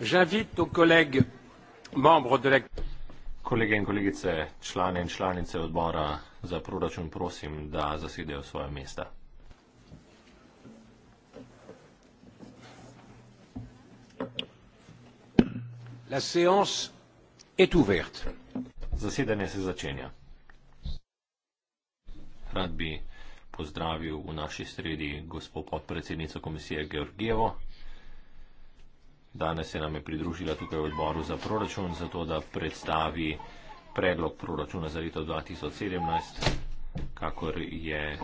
j'invite nos collègues membres de la Kolege in kolegice, člane in članice odbora za proračun, prosim, da zasedejo svoje mesta. La séance est ouverte. Zasedanje se začenja. Rad bi pozdravil v naši sredi gospod podpredsednico komisije Georgijevo. Danes se nam je pridružila tukaj v odboru za proračun, zato da predstavi predlog proračuna za leto 2017, kakor je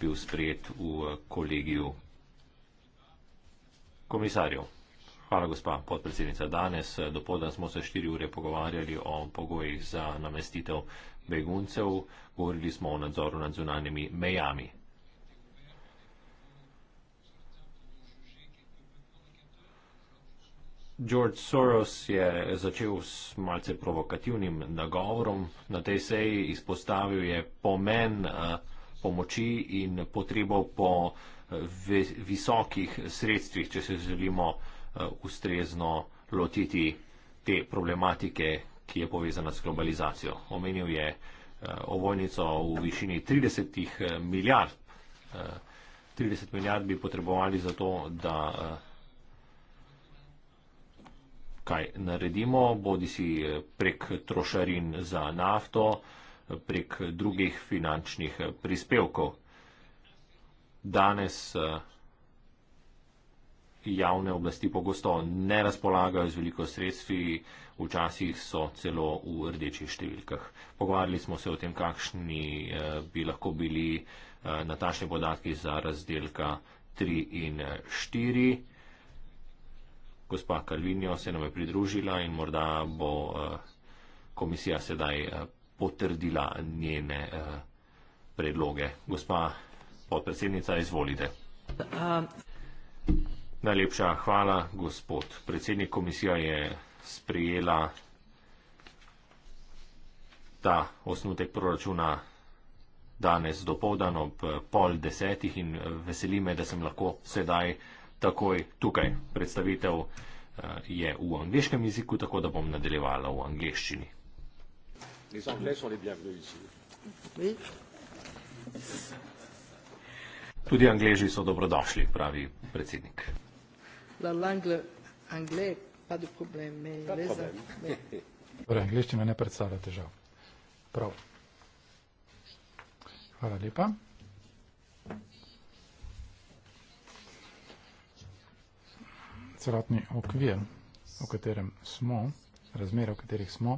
bil sprejet v kolegiju komisarjev. Hvala, gospa podpredsednica. Danes eh, dopoldan smo se štiri ure pogovarjali o pogojih za namestitev beguncev, govorili smo o nadzoru nad zunanjimi mejami. George Soros je začel s malce provokativnim nagovorom na tej seji, izpostavil je pomen eh, pomoči in potrebo po eh, visokih sredstvih, če se želimo eh, ustrezno lotiti te problematike, ki je povezana s globalizacijo. Omenil je ovojnico v višini 30 milijard. 30 milijard bi potrebovali za to, da kaj naredimo, bodi si eh, prek trošarin za nafto, eh, prek drugih finančnih eh, prispevkov. Danes javne oblasti pogosto ne razpolagajo z veliko sredstvi, včasih so celo v rdečih številkah. Pogovarjali smo se o tem, kakšni bi lahko bili natačni podatki za razdelka 3 in 4 gospa Kalvinjo se nam je pridružila in morda bo eh, komisija sedaj eh, potrdila njene eh, predloge. Gospa podpredsednica, izvolite. Najlepša hvala, gospod predsednik. Komisija je sprejela ta osnutek proračuna danes do povdan ob pol desetih in veseli me, da sem lahko sedaj takoj tukaj. Predstavitev eh, je v angliškem jeziku, tako da bom nadaljevala v angliščini. Tudi angliži so dobrodošli, pravi predsednik. Torej, angliščina ne predstavlja težav. Prav. Hvala lepa. celotni okvir, v katerem smo, razmere, v katerih smo,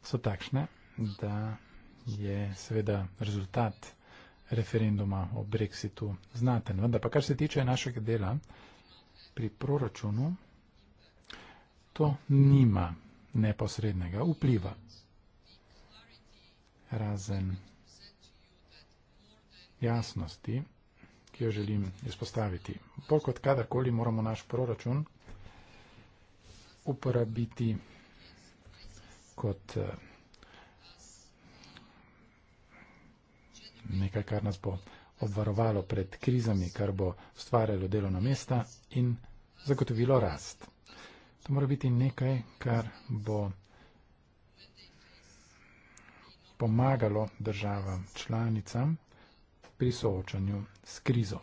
so takšne, da je seveda rezultat referenduma o Brexitu znaten. Vendar pa kar se tiče našega dela pri proračunu, to nima neposrednega vpliva. Razen jasnosti, ki jo želim izpostaviti. Bolj kot kadarkoli moramo naš proračun uporabiti kot eh, nekaj, kar nas bo obvarovalo pred krizami, kar bo stvarjalo delovna mesta in zagotovilo rast. To mora biti nekaj, kar bo pomagalo državam članicam pri soočanju s krizo.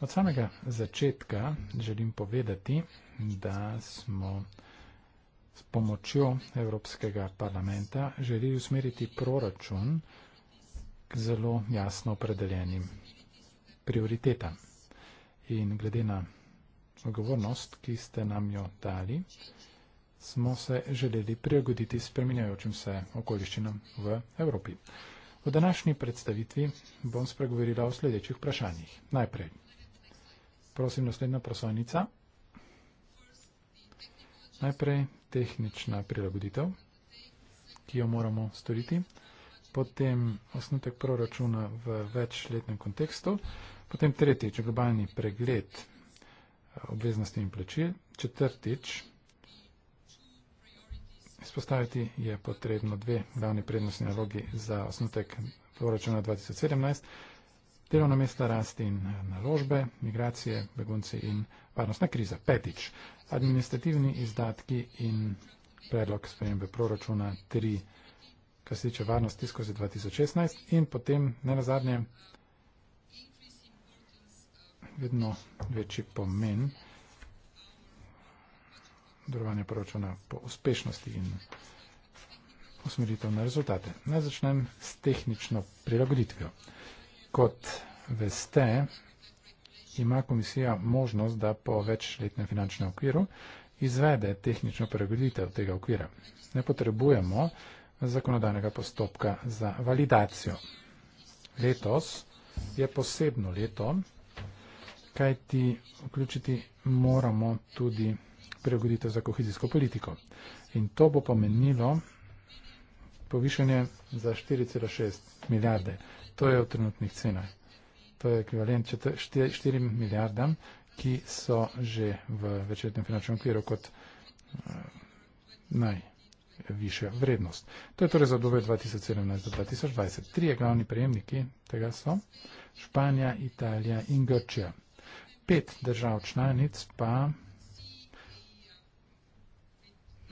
Od samega začetka želim povedati, da smo s pomočjo Evropskega parlamenta želeli usmeriti proračun k zelo jasno opredeljenim prioritetam. In glede na odgovornost, ki ste nam jo dali, smo se želeli prilagoditi spremenjajočim se okoliščinam v Evropi. V današnji predstavitvi bom spregovorila o sledečih vprašanjih. Najprej, prosim, naslednja prosojnica. Najprej tehnična prilagoditev, ki jo moramo storiti, potem osnutek proračuna v večletnem kontekstu, potem tretjič globalni pregled obveznosti in plačil, četrtič Izpostaviti je potrebno dve glavne prednostne naloge za osnutek proračuna 2017. Delovna mesta rasti in eh, naložbe, migracije, begunci in varnostna kriza. Petič, administrativni izdatki in predlog spremembe proračuna 3, kar se tiče varnosti skozi 2016. In potem, ne nazadnje, vedno večji pomen delovanje proračuna po uspešnosti in usmeritev na rezultate. Naj začnem s tehnično prilagoditvijo. Kot veste, ima komisija možnost, da po večletnem finančnem okviru izvede tehnično prilagoditev tega okvira. Ne potrebujemo zakonodajnega postopka za validacijo. Letos je posebno leto, kajti vključiti moramo tudi prilagoditev za kohezijsko politiko. In to bo pomenilo povišanje za 4,6 milijarde. To je v trenutnih cenah. To je ekvivalent 4 milijardam, ki so že v večletnem finančnem okviru kot eh, naj višja vrednost. To je torej za obdobje 2017 do 2020. Trije glavni prejemniki tega so Španija, Italija in Grčija. Pet držav članic pa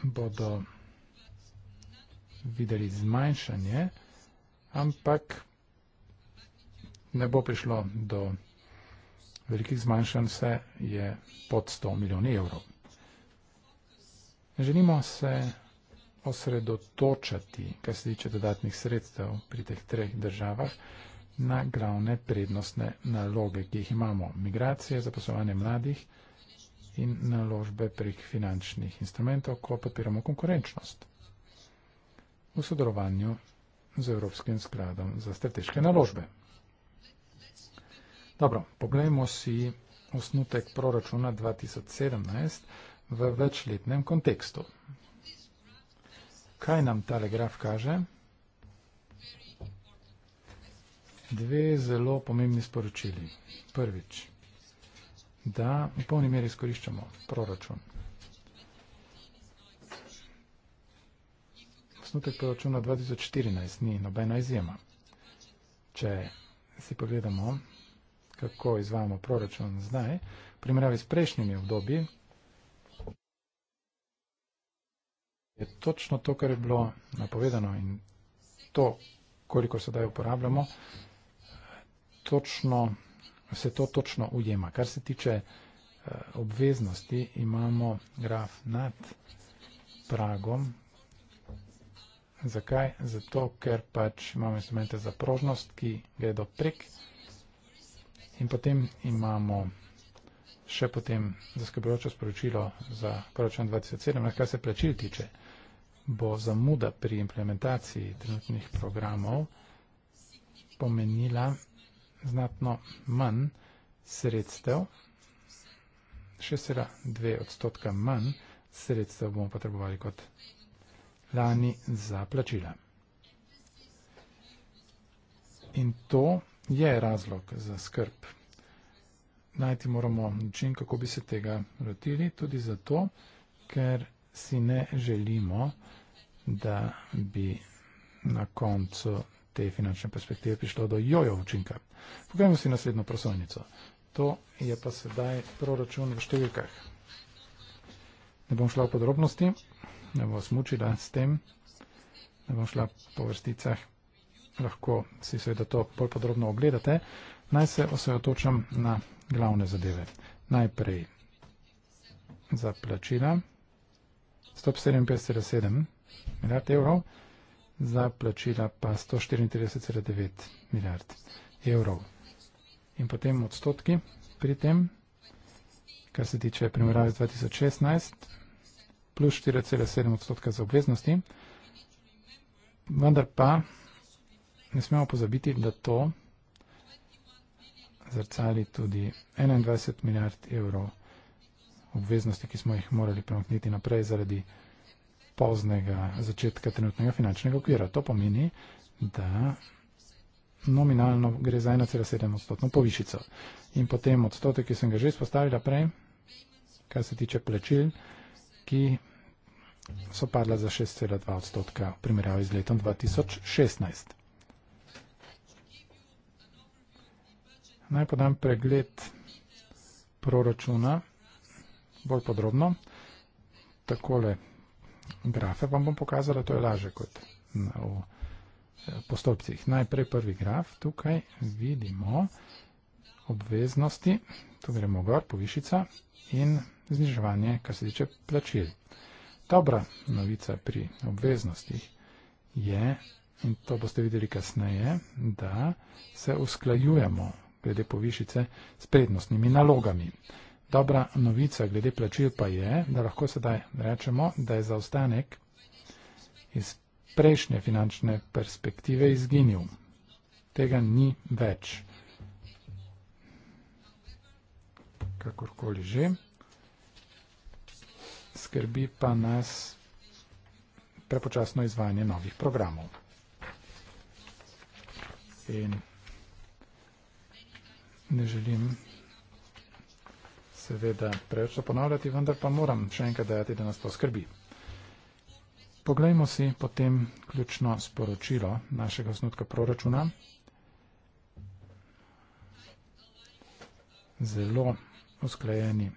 bodo videli zmanjšanje, ampak ne bo prišlo do velikih zmanjšanj, vse je pod 100 milijoni evrov. Želimo se osredotočati, kar se tiče dodatnih sredstev pri teh treh državah, na glavne prednostne naloge, ki jih imamo. Migracije, zaposlovanje mladih, in naložbe prek finančnih instrumentov, ko podpiramo konkurenčnost v sodelovanju z Evropskim skladom za strateške naložbe. Dobro, poglejmo si osnutek proračuna 2017 v večletnem kontekstu. Kaj nam tale graf kaže? Dve zelo pomembni sporočili. Prvič da v polni meri izkoriščamo proračun. Osnutek proračuna 2014 ni nobena izjema. Če si pogledamo, kako izvajamo proračun zdaj, v primerjavi s prejšnjimi obdobji, je točno to, kar je bilo napovedano in to, koliko sedaj uporabljamo, točno Vse to točno ujema. Kar se tiče eh, obveznosti, imamo graf nad pragom. Zakaj? Zato, ker pač imamo instrumente za prožnost, ki gredo prek in potem imamo še potem zaskrbljujoče sporočilo za proračun 2017, kar se plačil tiče, bo zamuda pri implementaciji trenutnih programov pomenila, znatno manj sredstev, 6,2 odstotka manj sredstev bomo potrebovali kot lani za plačila. In to je razlog za skrb. Najti moramo način, kako bi se tega rotili, tudi zato, ker si ne želimo, da bi na koncu te finančne perspektive prišlo do jojo učinka. Poglejmo si naslednjo prosojnico. To je pa sedaj proračun v številkah. Ne bom šla v podrobnosti, ne bom smučila s tem, ne bom šla po vrsticah. Lahko si seveda to bolj podrobno ogledate. Naj se osredotočam na glavne zadeve. Najprej za plačila 157,7 milijard evrov, za plačila pa 134,9 milijard evrov. In potem odstotki pri tem, kar se tiče primerjave z 2016, plus 4,7 odstotka za obveznosti. Vendar pa ne smemo pozabiti, da to zrcali tudi 21 milijard evrov obveznosti, ki smo jih morali premakniti naprej zaradi poznega začetka trenutnega finančnega okvira. To pomeni, da nominalno gre za 1,7 odstotno povišico. In potem odstotek, ki sem ga že izpostavila prej, kar se tiče plačil, ki so padla za 6,2 odstotka v primerjavi z letom 2016. Naj podam pregled proračuna bolj podrobno. Takole grafe vam bom pokazala, to je laže kot v proračunu po stolpcih. Najprej prvi graf, tukaj vidimo obveznosti, tu gremo gor, povišica in zniževanje, kar se tiče plačil. Dobra novica pri obveznostih je, in to boste videli kasneje, da se usklajujemo glede povišice s prednostnimi nalogami. Dobra novica glede plačil pa je, da lahko sedaj rečemo, da je zaostanek iz prejšnje finančne perspektive izginil. Tega ni več. Kakorkoli že. Skrbi pa nas prepočasno izvajanje novih programov. In ne želim seveda preveč ponavljati, vendar pa moram še enkrat dejati, da nas to skrbi. Poglejmo si potem ključno sporočilo našega osnutka proračuna. Zelo usklajeni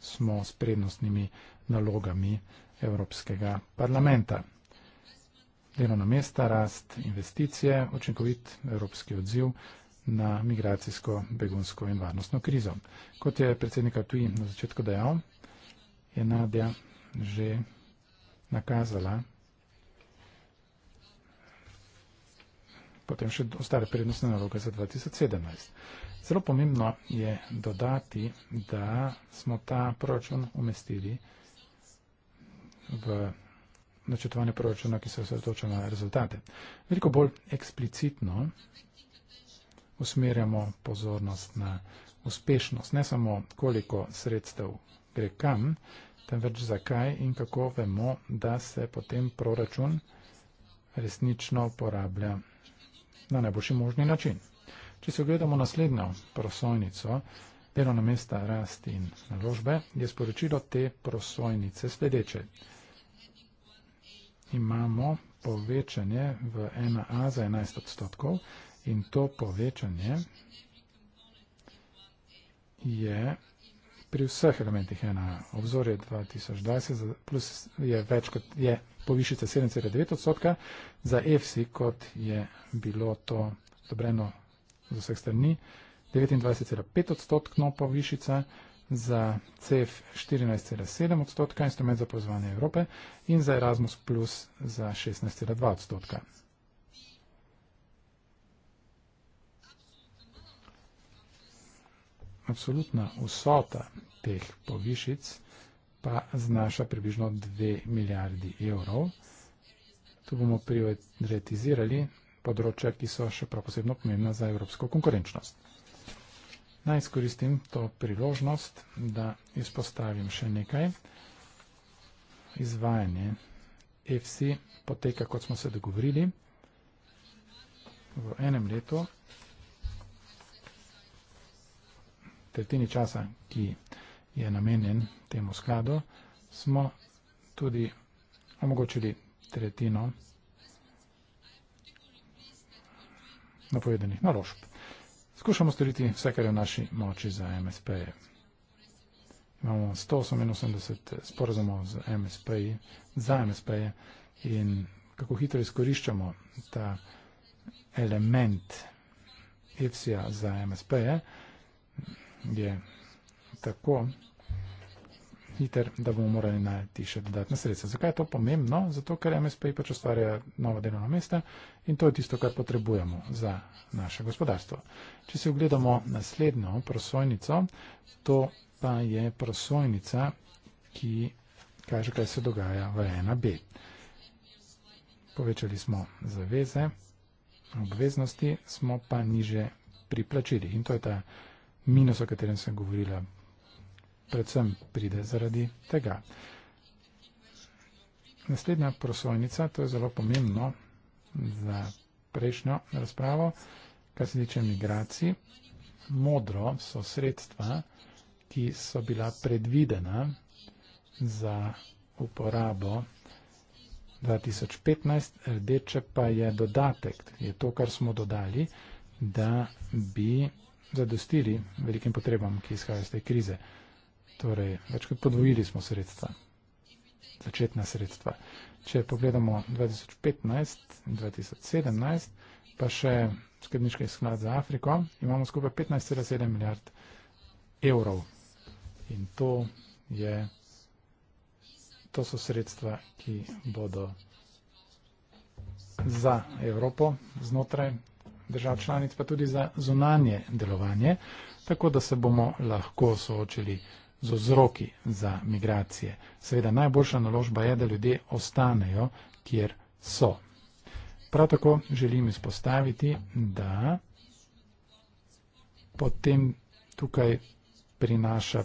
smo s prednostnimi nalogami Evropskega parlamenta. Delovna mesta, rast, investicije, učinkovit evropski odziv na migracijsko, begunsko in varnostno krizo. Kot je predsednika tuji na začetku dejal, je Nadja že nakazala. Potem še ostale prednostne naloge za 2017. Zelo pomembno je dodati, da smo ta proračun umestili v načrtovanje proračuna, ki se osredotoča na rezultate. Veliko bolj eksplicitno usmerjamo pozornost na uspešnost, ne samo koliko sredstev gre kam, temveč zakaj in kako vemo, da se potem proračun resnično uporablja na najboljši možni način. Če se ogledamo naslednjo prosojnico, delovna mesta rasti in naložbe, je sporočilo te prosojnice sledeče. Imamo povečanje v 1A za 11 odstotkov in to povečanje je pri vseh elementih je na obzorje 2020, plus je več kot je povišica 7,9 odstotka, za EFSI kot je bilo to dobreno z vseh strani, 29,5 odstotkno povišica, za CEF 14,7 odstotka, instrument za pozvanje Evrope in za Erasmus plus za 16,2 odstotka. absolutna vsota teh povišic pa znaša približno 2 milijardi evrov. Tu bomo prioritizirali področja, ki so še prav posebno pomembna za evropsko konkurenčnost. Naj izkoristim to priložnost, da izpostavim še nekaj. Izvajanje EFSI poteka, kot smo se dogovorili, v enem letu tretjini časa, ki je namenjen temu skladu, smo tudi omogočili tretjino napovedanih naložb. Skušamo storiti vse, kar je v naši moči za MSP. -je. Imamo 188 sporazumov z MSP za MSP in kako hitro izkoriščamo ta element EFSI-ja za MSP. -je je tako hiter, da bomo morali najti še dodatne sredstva. Zakaj je to pomembno? Zato, ker MSP pač ustvarja nova delovna mesta in to je tisto, kar potrebujemo za naše gospodarstvo. Če si ogledamo naslednjo prosojnico, to pa je prosojnica, ki kaže, kaj se dogaja v 1B. Povečali smo zaveze, obveznosti smo pa niže priplačili in to je ta prosojnica, minus, o katerem sem govorila, predvsem pride zaradi tega. Naslednja prosojnica, to je zelo pomembno za prejšnjo razpravo, kar se tiče migracij. Modro so sredstva, ki so bila predvidena za uporabo 2015, rdeče pa je dodatek, je to, kar smo dodali, da bi zadostili velikim potrebam, ki izhajajo iz te krize. Torej, več kot podvojili smo sredstva, začetna sredstva. Če pogledamo 2015 in 2017, pa še skrbniški sklad za Afriko, imamo skupaj 15,7 milijard evrov. In to, je, to so sredstva, ki bodo za Evropo znotraj držav članic, pa tudi za zunanje delovanje, tako da se bomo lahko soočili z vzroki za migracije. Seveda najboljša naložba je, da ljudje ostanejo, kjer so. Prav tako želim izpostaviti, da potem tukaj prinaša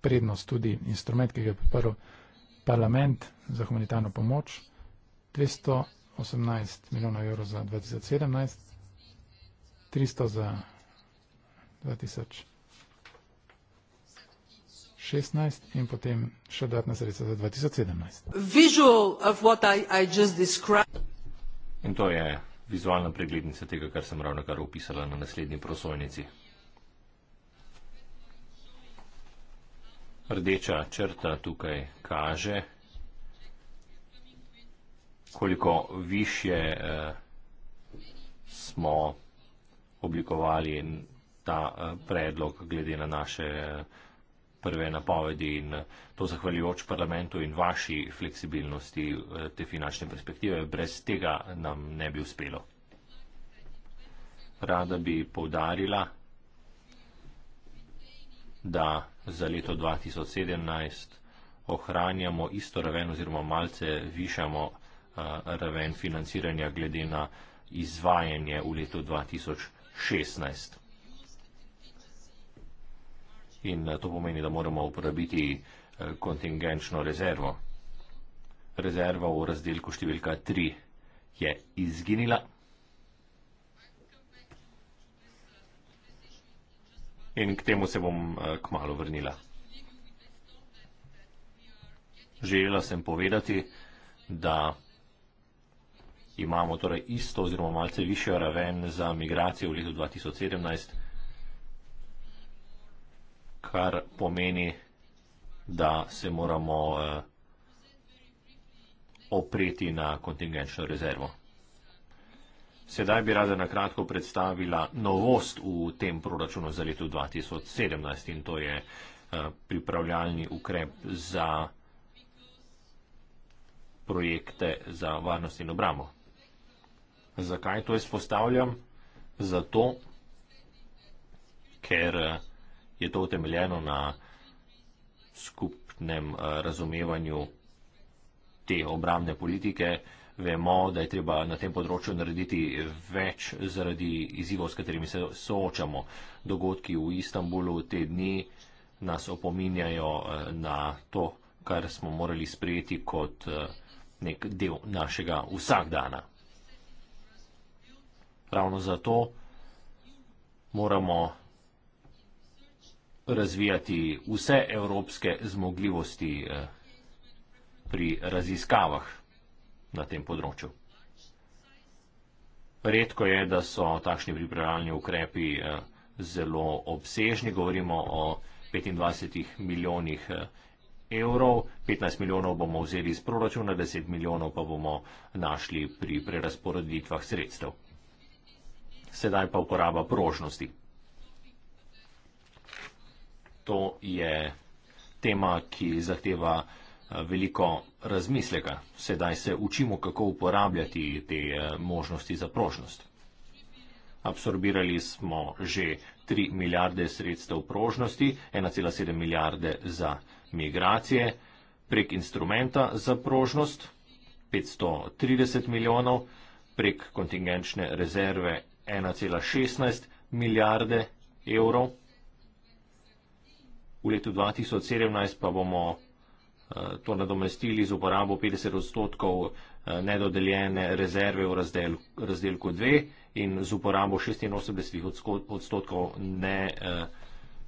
prednost tudi instrument, ki ga je priprl parlament za humanitarno pomoč. 218 milijonov evrov za 2017, 300 za 2016 in potem še dodatna sredstva za 2017. I, I in to je vizualna preglednica tega, kar sem ravno kar opisala na naslednji prosojnici. Rdeča črta tukaj kaže, koliko više uh, eh, smo oblikovali ta eh, predlog glede na naše eh, prve napovedi in eh, to zahvaljujoč parlamentu in vaši fleksibilnosti te finančne perspektive. Brez tega nam ne bi uspelo. Rada bi povdarila, da za leto 2017 ohranjamo isto raven oziroma malce višamo uh, raven financiranja glede na izvajanje v letu 2017. 16. In eh, to pomeni, da moramo uporabiti eh, kontingenčno rezervo. Rezerva v razdelku številka 3 je izginila. In k temu se bom eh, k malu vrnila. Želela sem povedati, da imamo torej isto oziroma malce višjo raven za migracijo v letu 2017, kar pomeni, da se moramo uh, opreti na kontingenčno rezervo. Sedaj bi rada na kratko predstavila novost v tem proračunu za leto 2017 in to je eh, pripravljalni ukrep za projekte za varnost in obramo. Zakaj to izpostavljam? Zato, ker eh, je to utemeljeno na skupnem eh, razumevanju te obramne politike. Vemo, da je treba na tem področju narediti več zaradi izzivov, s katerimi se soočamo. Dogodki v Istanbulu te dni nas opominjajo eh, na to, kar smo morali sprejeti kot nek del našega vsakdana ravno zato moramo razvijati vse evropske zmogljivosti eh, pri raziskavah na tem področju. Redko je, da so takšni pripravljalni ukrepi eh, zelo obsežni, govorimo o 25 milijonih eh, evrov, 15 milijonov bomo vzeli iz proračuna, 10 milijonov pa bomo našli pri prerasporeditvah sredstev sedaj pa uporaba prožnosti. To je tema, ki zahteva eh, veliko razmisleka. Sedaj se učimo, kako uporabljati te eh, možnosti za prožnost. Absorbirali smo že 3 milijarde sredstev prožnosti, 1,7 milijarde za migracije, prek instrumenta za prožnost 530 milijonov, prek kontingenčne rezerve 1,16 milijarde evrov. V letu 2017 pa bomo eh, to nadomestili z uporabo 50 odstotkov eh, nedodeljene rezerve v razdel, razdelku 2 in z uporabo 86 odstotkov ne, eh,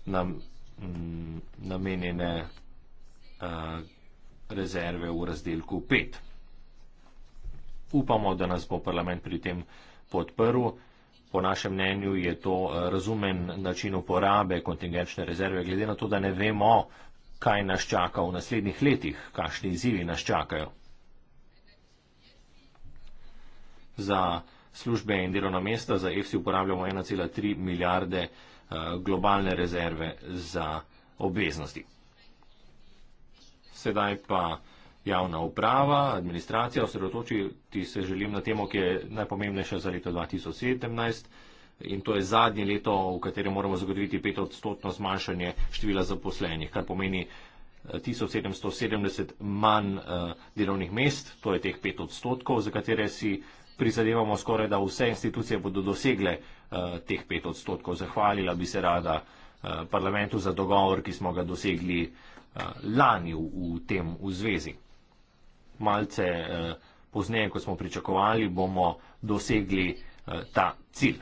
nam, mm, namenjene rezerve v razdelku 5. Upamo, da nas bo parlament pri tem podprl. Po našem mnenju je to eh, razumen način uporabe kontingenčne rezerve, glede na to, da ne vemo, kaj nas čaka v naslednjih letih, kakšni izzivi nas čakajo. Za službe in delovna mesta za EFSI uporabljamo 1,3 milijarde eh, globalne rezerve za obveznosti. Sedaj pa javna uprava, administracija, osredotočiti se želim na temo, ki je najpomembnejša za leto 2017 in to je zadnje leto, v katerem moramo zagotoviti pet odstotno zmanjšanje števila zaposlenih, kar pomeni 1770 eh, manj eh, delovnih mest, to je teh pet odstotkov, za katere si prizadevamo skoraj, da vse institucije bodo dosegle eh, teh pet odstotkov. Zahvalila bi se rada parlamentu za dogovor, ki smo ga dosegli lani v, v tem v zvezi malce eh, pozneje, kot smo pričakovali, bomo dosegli eh, ta cilj.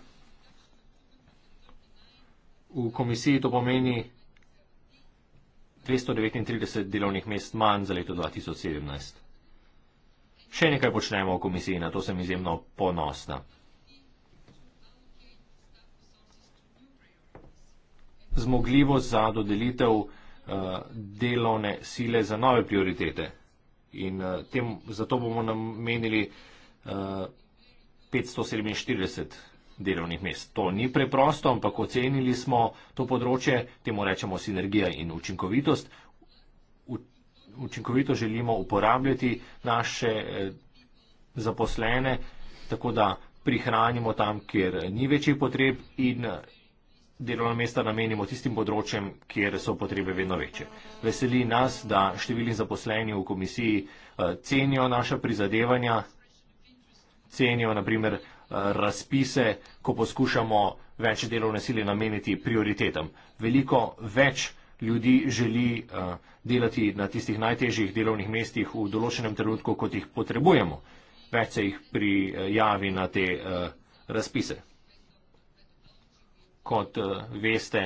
V komisiji to pomeni 239 delovnih mest manj za leto 2017. Še nekaj počnemo v komisiji, na to sem izjemno ponosna. Zmogljivost za dodelitev uh, delovne sile za nove prioritete. In uh, tem, zato bomo namenili uh, eh, 547 delovnih mest. To ni preprosto, ampak ocenili smo to področje, temu rečemo sinergija in učinkovitost. U, učinkovito želimo uporabljati naše eh, zaposlene, tako da prihranimo tam, kjer ni večjih potreb in delovna mesta namenimo tistim področjem, kjer so potrebe vedno večje. Veseli nas, da številni zaposleni v komisiji eh, cenijo naša prizadevanja, cenijo naprimer eh, razpise, ko poskušamo več delovne sile nameniti prioritetam. Veliko več ljudi želi eh, delati na tistih najtežjih delovnih mestih v določenem trenutku, kot jih potrebujemo. Več se jih prijavi na te razpise kot eh, veste,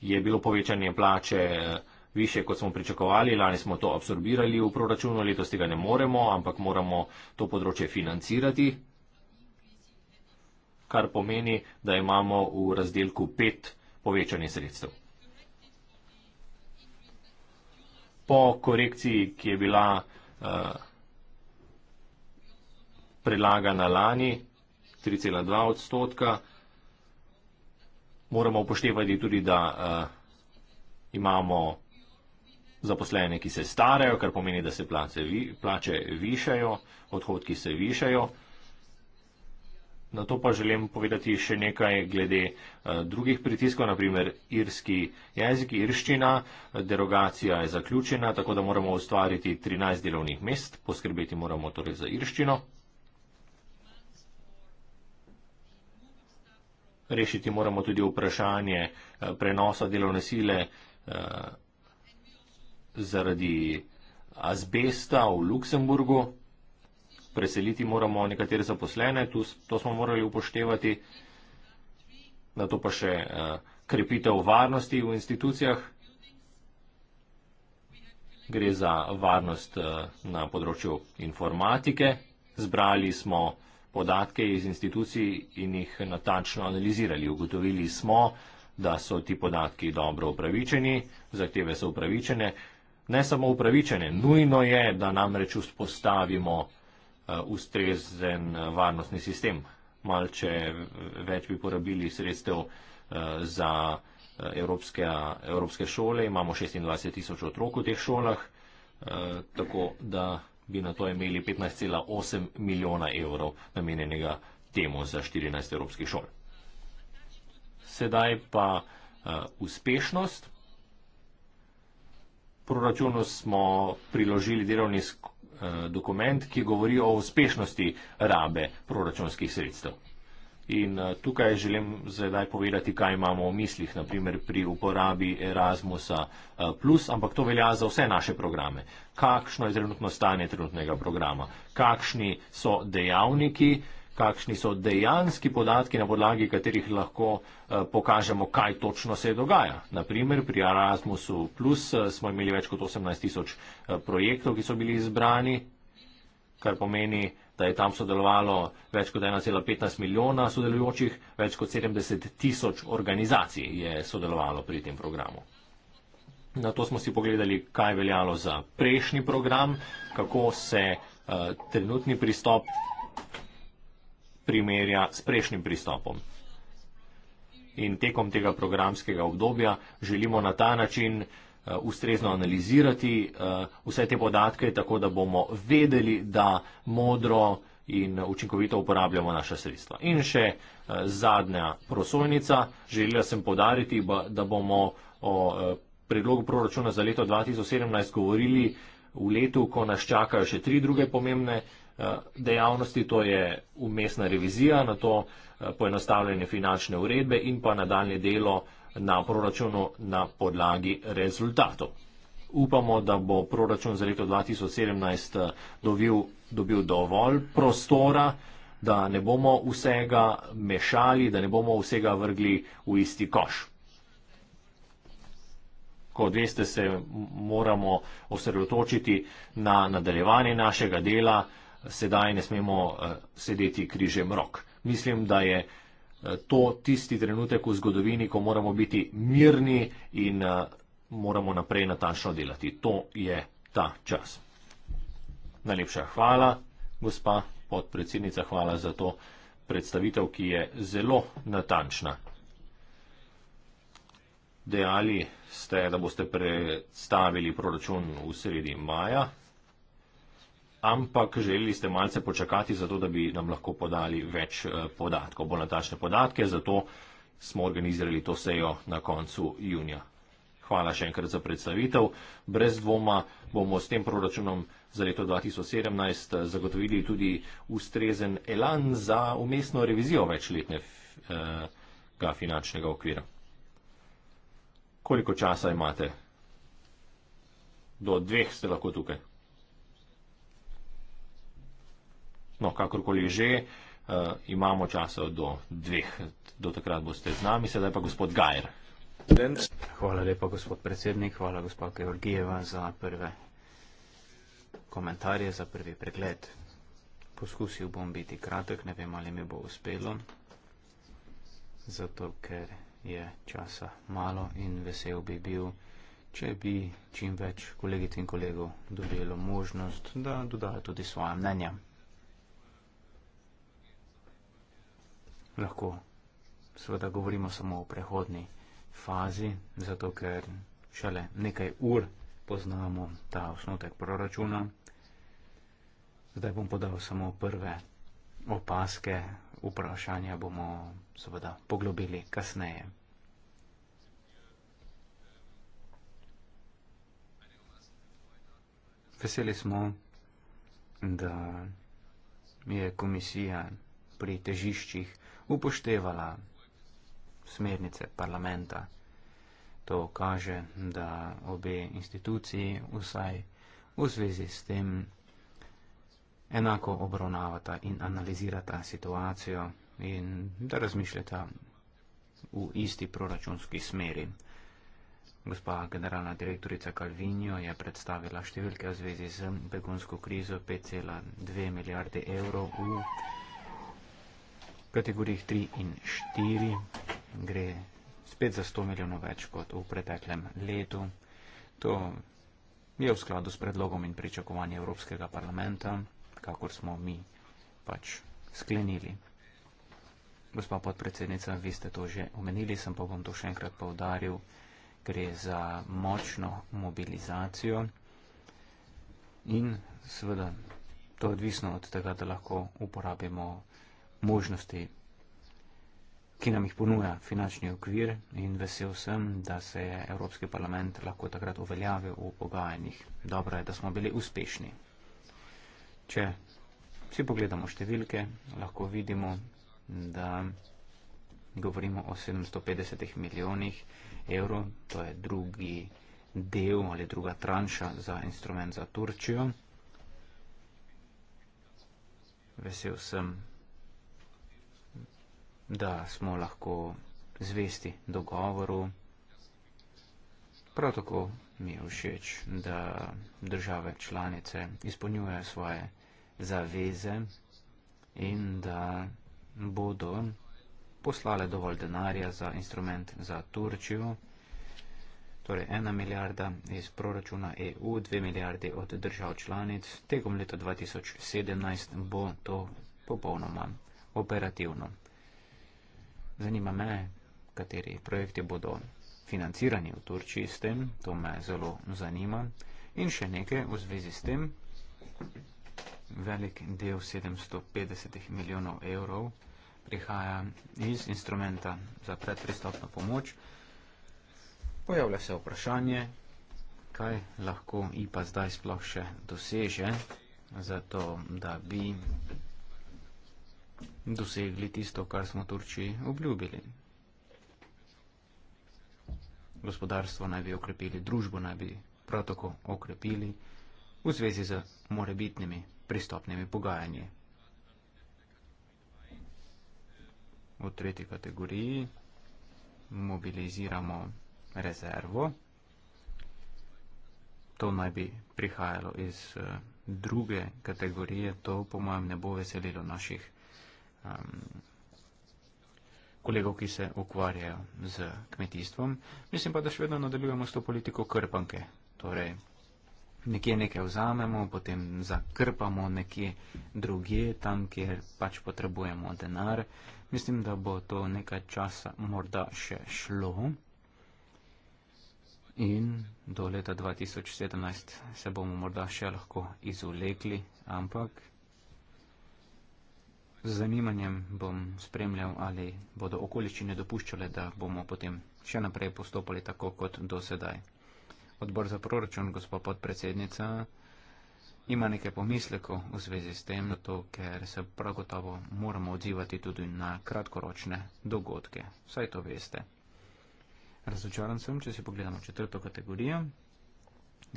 je bilo povečanje plače eh, više, kot smo pričakovali. Lani smo to absorbirali v proračunu, letos tega ne moremo, ampak moramo to področje financirati, kar pomeni, da imamo v razdelku pet povečanje sredstev. Po korekciji, ki je bila uh, predlagana lani, 3,2 odstotka, moramo upoštevati tudi, da uh, imamo zaposlene, ki se starajo, kar pomeni, da se plače, vi, plače višajo, odhodki se višajo. Na to pa želim povedati še nekaj glede uh, drugih pritiskov, naprimer irski jezik, irščina, derogacija je zaključena, tako da moramo ustvariti 13 delovnih mest, poskrbeti moramo torej za irščino. Rešiti moramo tudi vprašanje eh, prenosa delovne sile eh, zaradi azbesta v Luksemburgu. Preseliti moramo nekatere zaposlene, to smo morali upoštevati. Na to pa še eh, krepitev varnosti v institucijah. Gre za varnost na področju informatike. Zbrali smo podatke iz institucij in jih natančno analizirali. Ugotovili smo, da so ti podatki dobro upravičeni, zahteve so upravičene. Ne samo upravičene, nujno je, da namreč vzpostavimo eh, ustrezen eh, varnostni sistem. Malce več bi porabili sredstev eh, za evropske, evropske šole. Imamo 26 tisoč otrok v teh šolah, tako da bi na to imeli 15,8 milijona evrov namenjenega temu za 14 evropskih šol. Sedaj pa uh, uspešnost. Proračunu smo priložili delovni uh, dokument, ki govori o uspešnosti rabe proračunskih sredstev. In eh, tukaj želim zdaj povedati, kaj imamo v mislih, naprimer pri uporabi Erasmusa, eh, plus, ampak to velja za vse naše programe. Kakšno je trenutno stanje trenutnega programa, kakšni so dejavniki, kakšni so dejanski podatki, na podlagi katerih lahko eh, pokažemo, kaj točno se dogaja. Naprimer, pri Erasmusu plus smo imeli več kot 18 tisoč projektov, ki so bili izbrani, kar pomeni, da je tam sodelovalo več kot 1,15 milijona sodelujočih, več kot 70 tisoč organizacij je sodelovalo pri tem programu. Na to smo si pogledali, kaj je veljalo za prejšnji program, kako se uh, trenutni pristop primerja s prejšnjim pristopom. In tekom tega programskega obdobja želimo na ta način uh, Eh, ustrezno analizirati eh, vse te podatke, tako da bomo vedeli, da modro in učinkovito uporabljamo naša sredstva. In še eh, zadnja prosojnica. Želela sem podariti, da bomo o predlogu proračuna za leto 2017 govorili v letu, ko nas čakajo še tri druge pomembne dejavnosti, to je umestna revizija, na to poenostavljanje finančne uredbe in pa nadaljne delo na proračunu na podlagi rezultatov. Upamo, da bo proračun za leto 2017 eh, dobil, dobil dovolj prostora, da ne bomo vsega mešali, da ne bomo vsega vrgli v isti koš. Kot veste, se moramo osredotočiti na nadaljevanje našega dela, sedaj ne smemo eh, sedeti križem rok. Mislim, da je Eh, to tisti trenutek v zgodovini, ko moramo biti mirni in eh, moramo naprej natančno delati. To je ta čas. Najlepša hvala, gospa podpredsednica, hvala za to predstavitev, ki je zelo natančna. Dejali ste, da boste predstavili proračun v sredi maja ampak želeli ste malce počakati, zato da bi nam lahko podali več eh, podatkov, bolj natačne podatke, zato smo organizirali to sejo na koncu junija. Hvala še enkrat za predstavitev. Brez dvoma bomo s tem proračunom za leto 2017 eh, zagotovili tudi ustrezen elan za umestno revizijo večletnega eh, finančnega okvira. Koliko časa imate? Do dveh ste lahko tukaj. No, kakorkoli že, uh, imamo časa do dveh, do takrat boste z nami, sedaj pa gospod Gajer. Hvala lepa, gospod predsednik, hvala gospod Georgijeva za prve komentarje, za prvi pregled. Poskusil bom biti kratek, ne vem, ali mi bo uspelo, zato ker je časa malo in vesel bi bil, če bi čim več kolegic in kolegov dobilo možnost, da dodajo tudi svoje mnenja. lahko seveda govorimo samo o prehodni fazi, zato ker šele nekaj ur poznamo ta osnotek proračuna. Zdaj bom podal samo prve opaske, vprašanja bomo seveda poglobili kasneje. Veseli smo, da je komisija pri težiščih upoštevala smernice parlamenta. To kaže, da obe instituciji vsaj v zvezi s tem enako obravnavata in analizirata situacijo in da razmišljata v isti proračunski smeri. Gospa generalna direktorica Kalvinjo je predstavila številke v zvezi z begunsko krizo 5,2 milijarde evrov v kategorijah 3 in 4 gre spet za 100 milijonov več kot v preteklem letu. To je v skladu s predlogom in pričakovanjem Evropskega parlamenta, kakor smo mi pač sklenili. Gospa podpredsednica, vi ste to že omenili, sem pa bom to še enkrat povdaril, gre za močno mobilizacijo in seveda to je odvisno od tega, da lahko uporabimo možnosti, ki nam jih ponuja finančni okvir in vesel sem, da se je Evropski parlament lahko takrat uveljavil v pogajanjih. Dobro je, da smo bili uspešni. Če si pogledamo številke, lahko vidimo, da govorimo o 750 milijonih evrov, to je drugi del ali druga tranša za instrument za Turčijo. Vesel sem, da smo lahko zvesti dogovoru. Prav tako mi je všeč, da države članice izpolnjujejo svoje zaveze in da bodo poslale dovolj denarja za instrument za Turčijo, torej ena milijarda iz proračuna EU, dve milijarde od držav članic. Tekom leta 2017 bo to popolnoma operativno. Zanima me, kateri projekti bodo financirani v Turčiji s tem, to me zelo zanima. In še nekaj v zvezi s tem, velik del 750 milijonov evrov prihaja iz instrumenta za predpristopno pomoč. Pojavlja se vprašanje, kaj lahko IPA zdaj sploh še doseže, zato da bi dosegli tisto, kar smo Turčiji obljubili. Gospodarstvo naj bi okrepili, družbo naj bi prav tako okrepili v zvezi z morebitnimi pristopnimi pogajanji. V tretji kategoriji mobiliziramo rezervo. To naj bi prihajalo iz eh, druge kategorije. To, po mojem, ne bo veselilo naših um, kolegov, ki se ukvarjajo z kmetijstvom. Mislim pa, da še vedno nadaljujemo s to politiko krpanke. Torej, nekje nekaj vzamemo, potem zakrpamo nekje druge, tam, kjer pač potrebujemo denar. Mislim, da bo to nekaj časa morda še šlo. In do leta 2017 se bomo morda še lahko izulekli, ampak Z zanimanjem bom spremljal, ali bodo okoliščine dopuščale, da bomo potem še naprej postopali tako kot do sedaj. Odbor za proračun, gospod podpredsednica, ima nekaj pomislekov v zvezi s tem, zato ker se prav gotovo moramo odzivati tudi na kratkoročne dogodke. Vsaj to veste. Razočaran sem, če si pogledamo četrto kategorijo.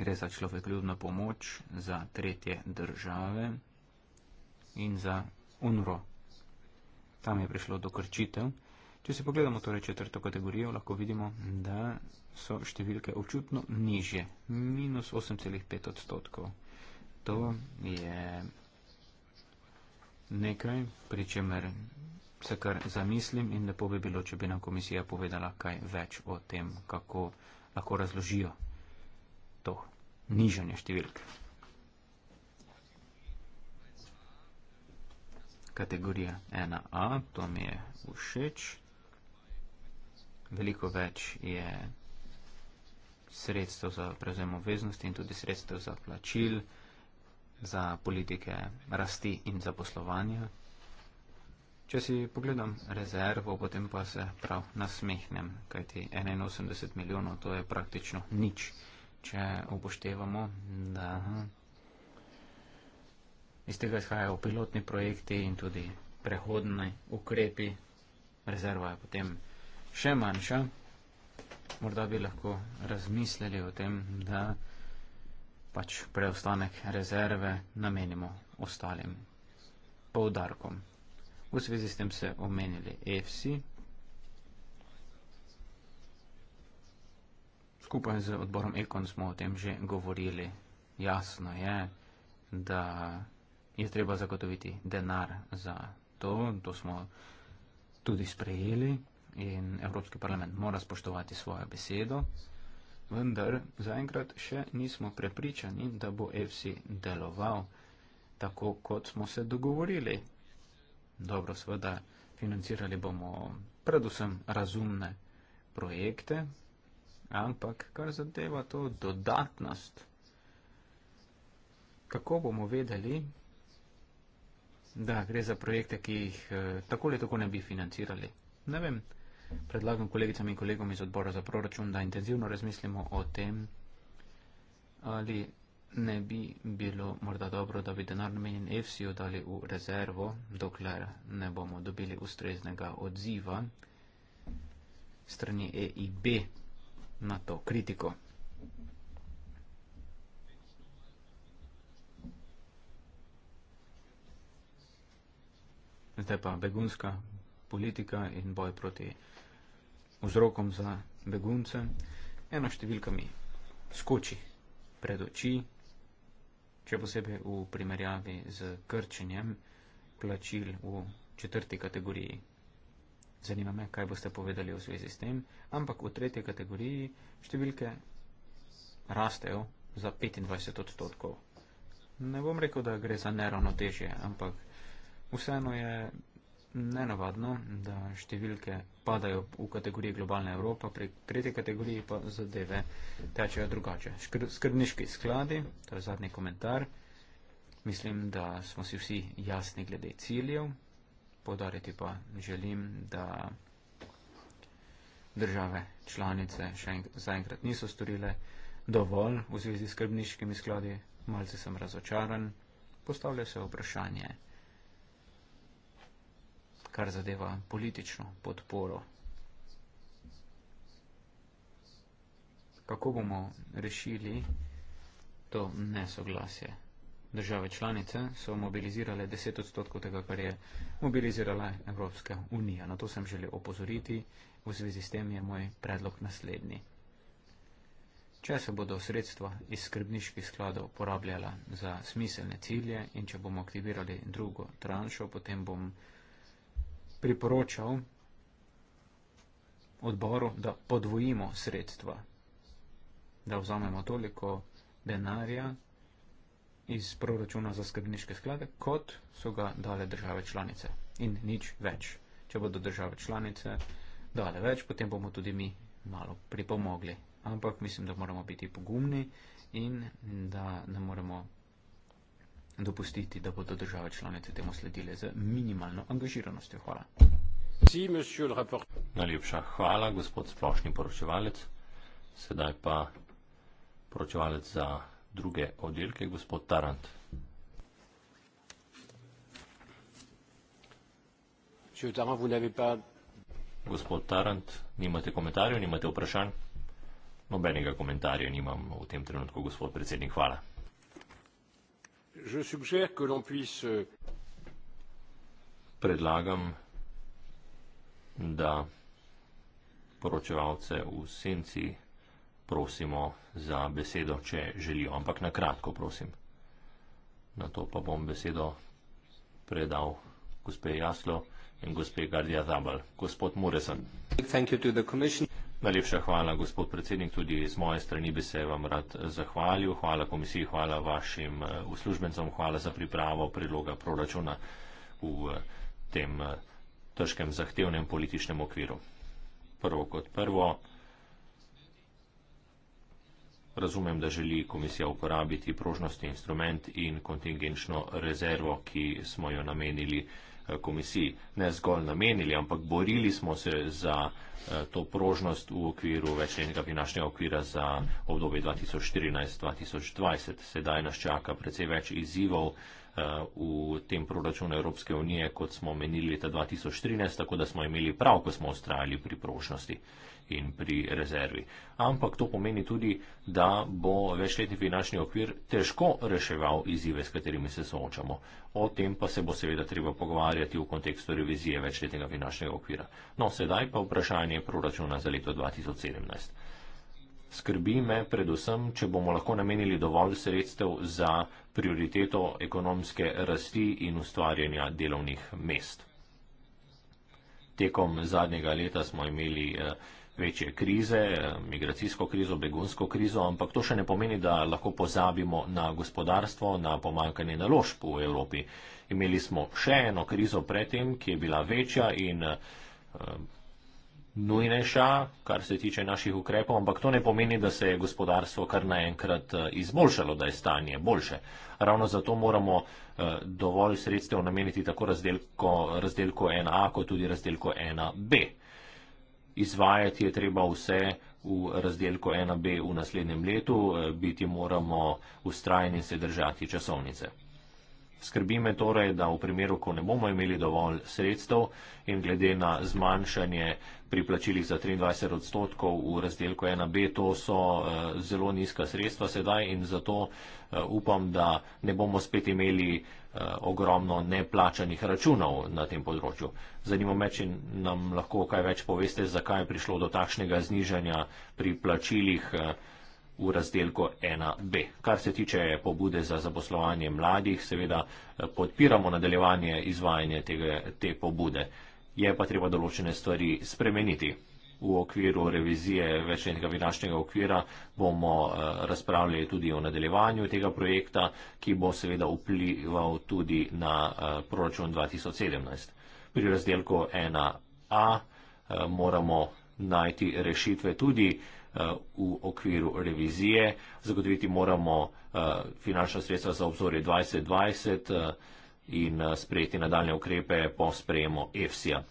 Gre za človekoljubno pomoč, za tretje države in za UNRO. Tam je prišlo do krčitev. Če si pogledamo torej četrto kategorijo, lahko vidimo, da so številke občutno niže, minus 8,5 odstotkov. To je nekaj, pri čemer se kar zamislim in lepo bi bilo, če bi nam komisija povedala kaj več o tem, kako lahko razložijo to nižanje številke. kategorija 1A, to mi je všeč. Veliko več je sredstev za prevzem obveznosti in tudi sredstev za plačil, za politike rasti in zaposlovanja. Če si pogledam rezervo, potem pa se prav nasmehnem, kajti 81 milijonov to je praktično nič, če upoštevamo, da iz tega izhajajo pilotni projekti in tudi prehodni ukrepi, rezerva je potem še manjša. Morda bi lahko razmislili o tem, da pač preostanek rezerve namenimo ostalim poudarkom. V zvezi s tem se omenili EFC. Skupaj z odborom Ekon smo o tem že govorili. Jasno je, da je treba zagotoviti denar za to. To smo tudi sprejeli in Evropski parlament mora spoštovati svojo besedo. Vendar zaenkrat še nismo prepričani, da bo EFSI deloval tako, kot smo se dogovorili. Dobro, seveda, financirali bomo predvsem razumne projekte, ampak kar zadeva to dodatnost, kako bomo vedeli, Da, gre za projekte, ki jih eh, tako ali tako ne bi financirali. Ne vem, predlagam kolegicam in kolegom iz odbora za proračun, da intenzivno razmislimo o tem, ali ne bi bilo morda dobro, da bi denar namenjen EFSI-ju dali v rezervo, dokler ne bomo dobili ustreznega odziva strani EIB na to kritiko. zdaj pa begunska politika in boj proti vzrokom za begunce. Ena številka mi skoči pred oči, če posebej v primerjavi z krčenjem plačil v četrti kategoriji. Zanima me, kaj boste povedali v zvezi s tem, ampak v tretji kategoriji številke rastejo za 25 odstotkov. Ne bom rekel, da gre za neravnotežje, ampak Vseeno je nenavadno, da številke padajo v kategoriji globalna Evropa, pri tretji kategoriji pa zadeve tečejo drugače. Škr skrbniški skladi, to je zadnji komentar, mislim, da smo si vsi jasni glede ciljev, podariti pa želim, da države članice še en zaenkrat niso storile dovolj v zvezi s skrbniškimi skladi, malce sem razočaran, postavlja se vprašanje kar zadeva politično podporo. Kako bomo rešili to nesoglasje? Države članice so mobilizirale 10 odstotkov tega, kar je mobilizirala Evropska unija. Na to sem želel opozoriti. V zvezi s tem je moj predlog naslednji. Če se bodo sredstva iz skrbniških skladov porabljala za smiselne cilje in če bomo aktivirali drugo tranšo, potem bom priporočal odboru, da podvojimo sredstva, da vzamemo toliko denarja iz proračuna za skrbniške sklade, kot so ga dale države članice. In nič več. Če bodo države članice dale več, potem bomo tudi mi malo pripomogli. Ampak mislim, da moramo biti pogumni in da ne moremo dopustiti, da bodo države članice temu sledile z minimalno angažiranostjo. Hvala. Najlepša hvala, gospod splošni poročevalec. Sedaj pa poročevalec za druge oddelke, gospod Tarant. Gospod Tarant, nimate komentarjev, nimate vprašanj? Nobenega komentarja nimam v tem trenutku, gospod predsednik. Hvala. Euh, Predlagam, da poročevalce v senci prosimo za besedo, če želijo, ampak na kratko prosim. Na to pa bom besedo predal gospe Jaslo in gospe Gardija Zabal. Gospod Muresan. Hvala. Najlepša hvala, gospod predsednik. Tudi z moje strani bi se vam rad zahvalil. Hvala komisiji, hvala vašim eh, uslužbencem, hvala za pripravo predloga proračuna v eh, tem eh, težkem, zahtevnem političnem okviru. Prvo kot prvo, razumem, da želi komisija uporabiti prožnostni instrument in kontingenčno rezervo, ki smo jo namenili komisiji ne zgolj namenili, ampak borili smo se za eh, to prožnost v okviru večletnega finančnega okvira za obdobje 2014-2020. Sedaj nas čaka precej več izzivov eh, v tem proračunu Evropske unije, kot smo menili leta 2013, tako da smo imeli prav, ko smo ustrajali pri prožnosti in pri rezervi. Ampak to pomeni tudi, da bo večletni finančni okvir težko reševal izzive, s katerimi se soočamo. O tem pa se bo seveda treba pogovarjati v kontekstu revizije večletnega finančnega okvira. No, sedaj pa vprašanje proračuna za leto 2017. Skrbi me predvsem, če bomo lahko namenili dovolj sredstev za prioriteto ekonomske rasti in ustvarjanja delovnih mest. Tekom zadnjega leta smo imeli eh, večje krize, migracijsko krizo, begunsko krizo, ampak to še ne pomeni, da lahko pozabimo na gospodarstvo, na pomankanje naložb v Evropi. Imeli smo še eno krizo predtem, ki je bila večja in eh, nujnejša, kar se tiče naših ukrepov, ampak to ne pomeni, da se je gospodarstvo kar naenkrat eh, izboljšalo, da je stanje boljše. Ravno zato moramo eh, dovolj sredstev nameniti tako razdelko, razdelko 1A kot tudi razdelko 1B izvajati je treba vse v razdelku 1B v naslednjem letu, eh, biti moramo ustrajni in se držati časovnice. Skrbi me torej, da v primeru, ko ne bomo imeli dovolj sredstev in glede na zmanjšanje priplačilih za 23 odstotkov v razdelku 1B, to so eh, zelo nizka sredstva sedaj in zato eh, upam, da ne bomo spet imeli Eh, ogromno neplačanih računov na tem področju. Zanima me, če nam lahko kaj več poveste, zakaj je prišlo do takšnega znižanja pri plačilih eh, v razdelku 1b. Kar se tiče pobude za zaposlovanje mladih, seveda eh, podpiramo nadaljevanje izvajanja tega, te pobude. Je pa treba določene stvari spremeniti v okviru revizije večletnega finančnega okvira bomo eh, razpravljali tudi o nadaljevanju tega projekta, ki bo seveda vplival tudi na eh, proračun 2017. Pri razdelku 1a eh, moramo najti rešitve tudi v okviru revizije, zagotoviti moramo finančna sredstva za obzorje 2020 in sprejeti nadaljne ukrepe po sprejemu EFSI-a.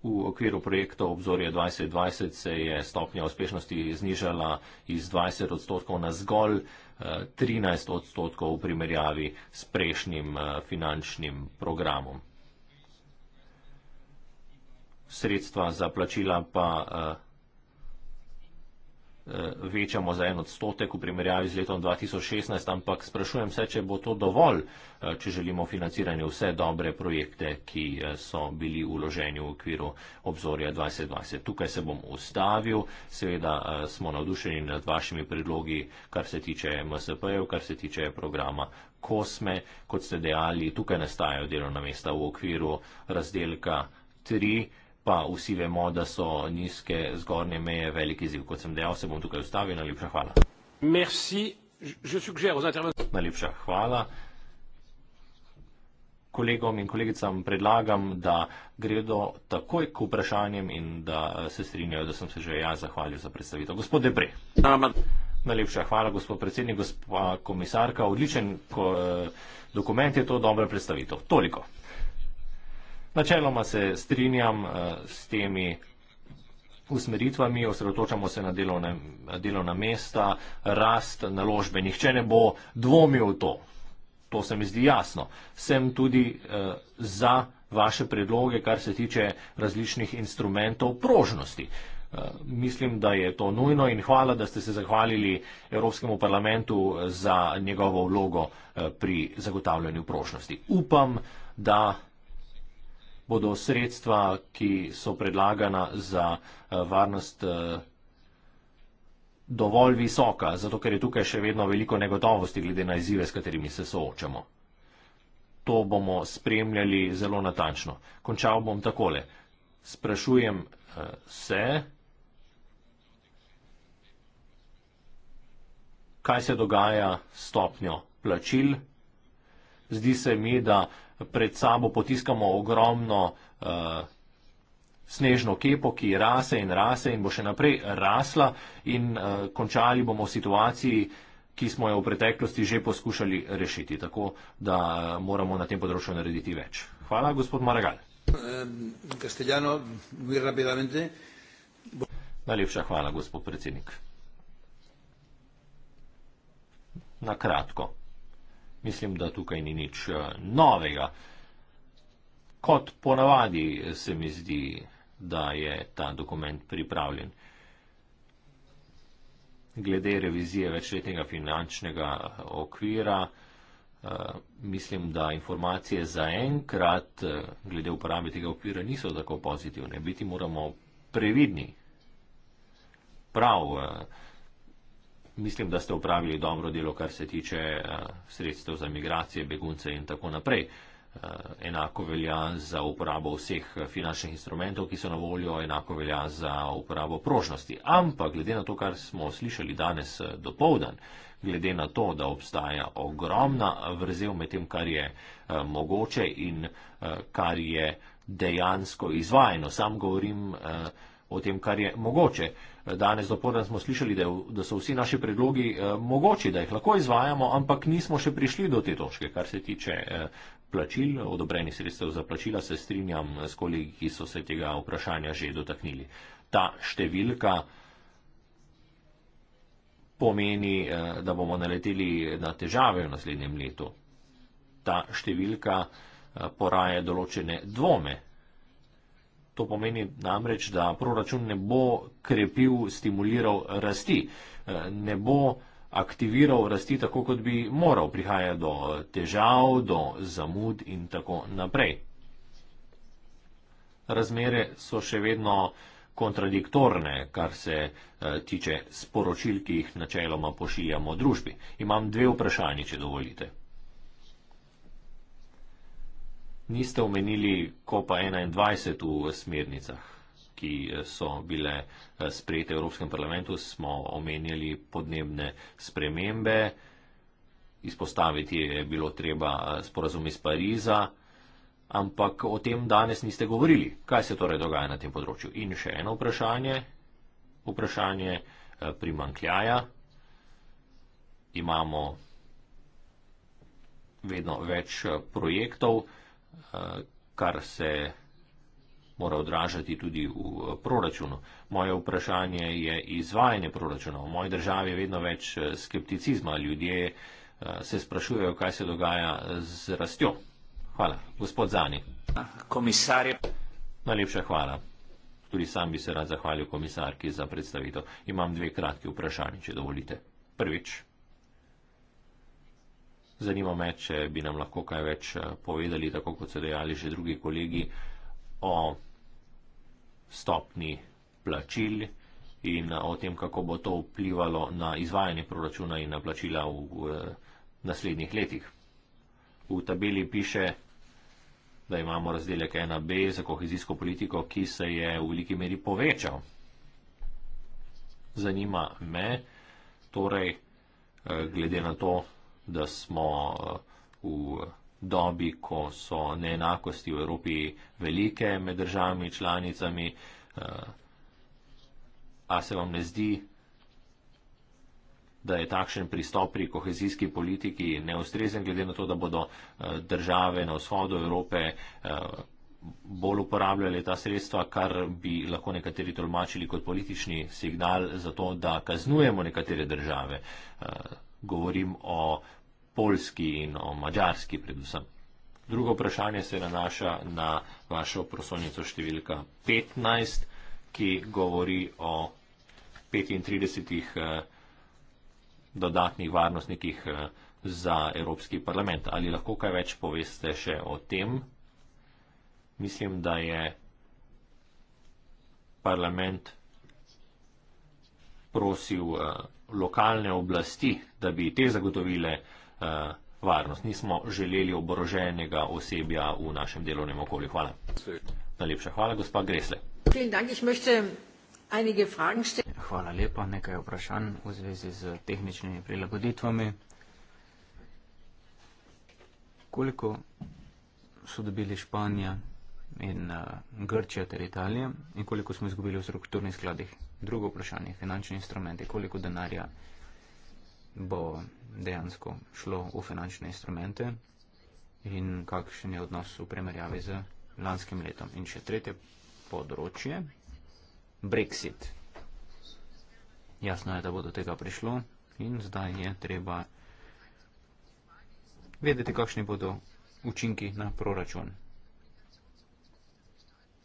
V okviru projekta obzorje 2020 se je stopnja uspešnosti znižala iz 20 odstotkov na zgolj 13 eh, odstotkov v primerjavi s prejšnjim eh, finančnim programom. Sredstva za plačila pa eh, Eh, večamo za en odstotek v primerjavi z letom 2016, ampak sprašujem se, če bo to dovolj, eh, če želimo financiranje vse dobre projekte, ki eh, so bili uloženi v okviru obzorja 2020. Tukaj se bom ustavil, seveda smo navdušeni nad vašimi predlogi, kar se tiče MSP-jev, kar se tiče programa Kosme, kot ste dejali, tukaj nastajajo delovna mesta v okviru razdelka 3 pa vsi vemo, da so nizke zgornje meje veliki ziv. Kot sem dejal, se bom tukaj ustavil. Najlepša hvala. Merci. Je suggère aux intervenants. Najlepša hvala. Kolegom in kolegicam predlagam, da gredo takoj k vprašanjem in da eh, se strinjajo, da sem se že jaz zahvalil za predstavitev. Gospod Debre. Najlepša hvala, gospod predsednik, gospa komisarka. Odličen ko, eh, dokument je to, dobra predstavitev. Toliko. Načeloma se strinjam eh, s temi usmeritvami, osredotočamo se na delovne, delovna mesta, rast naložbe. Nihče ne bo dvomil v to. To se mi zdi jasno. Sem tudi uh, za vaše predloge, kar se tiče različnih instrumentov prožnosti. Uh, mislim, da je to nujno in hvala, da ste se zahvalili Evropskemu parlamentu za njegovo vlogo uh, pri zagotavljanju prožnosti. Upam, da bodo sredstva, ki so predlagana za eh, varnost, eh, dovolj visoka, zato ker je tukaj še vedno veliko negotovosti glede na izzive, s katerimi se soočamo. To bomo spremljali zelo natančno. Končal bom takole. Sprašujem eh, se, kaj se dogaja s stopnjo plačil. Zdi se mi, da pred sabo potiskamo ogromno uh, snežno kepo, ki rase in rase in bo še naprej rasla in uh, končali bomo v situaciji, ki smo jo v preteklosti že poskušali rešiti, tako da eh, moramo na tem področju narediti več. Hvala, gospod Maragal. Najlepša hvala, gospod predsednik. Na kratko. Mislim, da tukaj ni nič eh, novega. Kot ponavadi se mi zdi, da je ta dokument pripravljen. Glede revizije večletnega finančnega eh, okvira, eh, mislim, da informacije zaenkrat glede uporabe tega okvira niso tako pozitivne. Biti moramo previdni. Prav mislim, da ste upravili dobro delo, kar se tiče uh, sredstev za migracije, begunce in tako naprej. Eh, enako velja za uporabo vseh eh, finančnih instrumentov, ki so na voljo, enako velja za uporabo prožnosti. Ampak glede na to, kar smo slišali danes do povdan, glede na to, da obstaja ogromna vrzel med tem, kar je mogoče in kar je dejansko izvajeno, sam govorim o tem, kar je mogoče. Danes dopoledne smo slišali, da, je, da so vsi naši predlogi eh, mogoči, da jih lahko izvajamo, ampak nismo še prišli do te točke, kar se tiče eh, plačil, odobrenih sredstev za plačila, se strinjam s kolegi, ki so se tega vprašanja že dotaknili. Ta številka pomeni, eh, da bomo naleteli na težave v naslednjem letu. Ta številka eh, poraje določene dvome. To pomeni namreč, da proračun ne bo krepil, stimuliral rasti, eh, ne bo aktiviral rasti tako, kot bi moral. Prihaja do težav, do zamud in tako naprej. Razmere so še vedno kontradiktorne, kar se eh, tiče sporočil, ki jih načeloma pošiljamo družbi. Imam dve vprašanje, če dovolite. Niste omenili COP21 v smernicah, ki eh, so bile eh, sprejete v Evropskem parlamentu, smo omenjali podnebne spremembe, izpostaviti je bilo treba eh, sporazum iz Pariza, ampak o tem danes niste govorili. Kaj se torej dogaja na tem področju? In še eno vprašanje, vprašanje primankljaja. Imamo vedno več projektov, kar se mora odražati tudi v proračunu. Moje vprašanje je izvajanje proračuna. V moji državi je vedno več eh, skepticizma. Ljudje eh, se sprašujejo, kaj se dogaja z rastjo. Hvala. Gospod Zani. Komisarje. Najlepša hvala. Tudi sam bi se rad zahvalil komisarki za predstavitev. Imam dve kratki vprašanje, če dovolite. Prvič. Zanima me, če bi nam lahko kaj več eh, povedali, tako kot so dejali že drugi kolegi, o stopni plačil in eh, o tem, kako bo to vplivalo na izvajanje proračuna in na plačila v, v eh, naslednjih letih. V tabeli piše, da imamo razdelek 1B za kohezijsko politiko, ki se je v veliki meri povečal. Zanima me, torej, glede na to, da smo eh, v dobi, ko so neenakosti v Evropi velike med državami in članicami. Eh, a se vam ne zdi, da je takšen pristop pri kohezijski politiki neustrezen, glede na to, da bodo eh, države na vzhodu Evrope bolj uporabljali ta sredstva, kar bi lahko nekateri tolmačili kot politični signal za to, da kaznujemo nekatere države. Govorim o polski in o mađarski predvsem. Drugo vprašanje se nanaša na vašo prosojnico številka 15, ki govori o 35 eh, dodatnih varnostnikih eh, za Evropski parlament. Ali lahko kaj več poveste še o tem? Mislim, da je parlament prosil eh, lokalne oblasti, da bi te zagotovile uh, varnost. Nismo želeli oboroženega osebja v našem delovnem okolju. Hvala. Najlepša hvala, gospa Gresle. Hvala lepa, nekaj vprašanj v zvezi z tehničnimi prilagoditvami. Koliko so dobili Španija in uh, Grčija ter Italija in koliko smo izgubili v strukturnih skladih? Drugo vprašanje, finančni instrumenti, koliko denarja bo dejansko šlo v finančne instrumente in kakšen je odnos v primerjavi z lanskim letom. In še tretje področje, Brexit. Jasno je, da bo do tega prišlo in zdaj je treba vedeti, kakšni bodo učinki na proračun.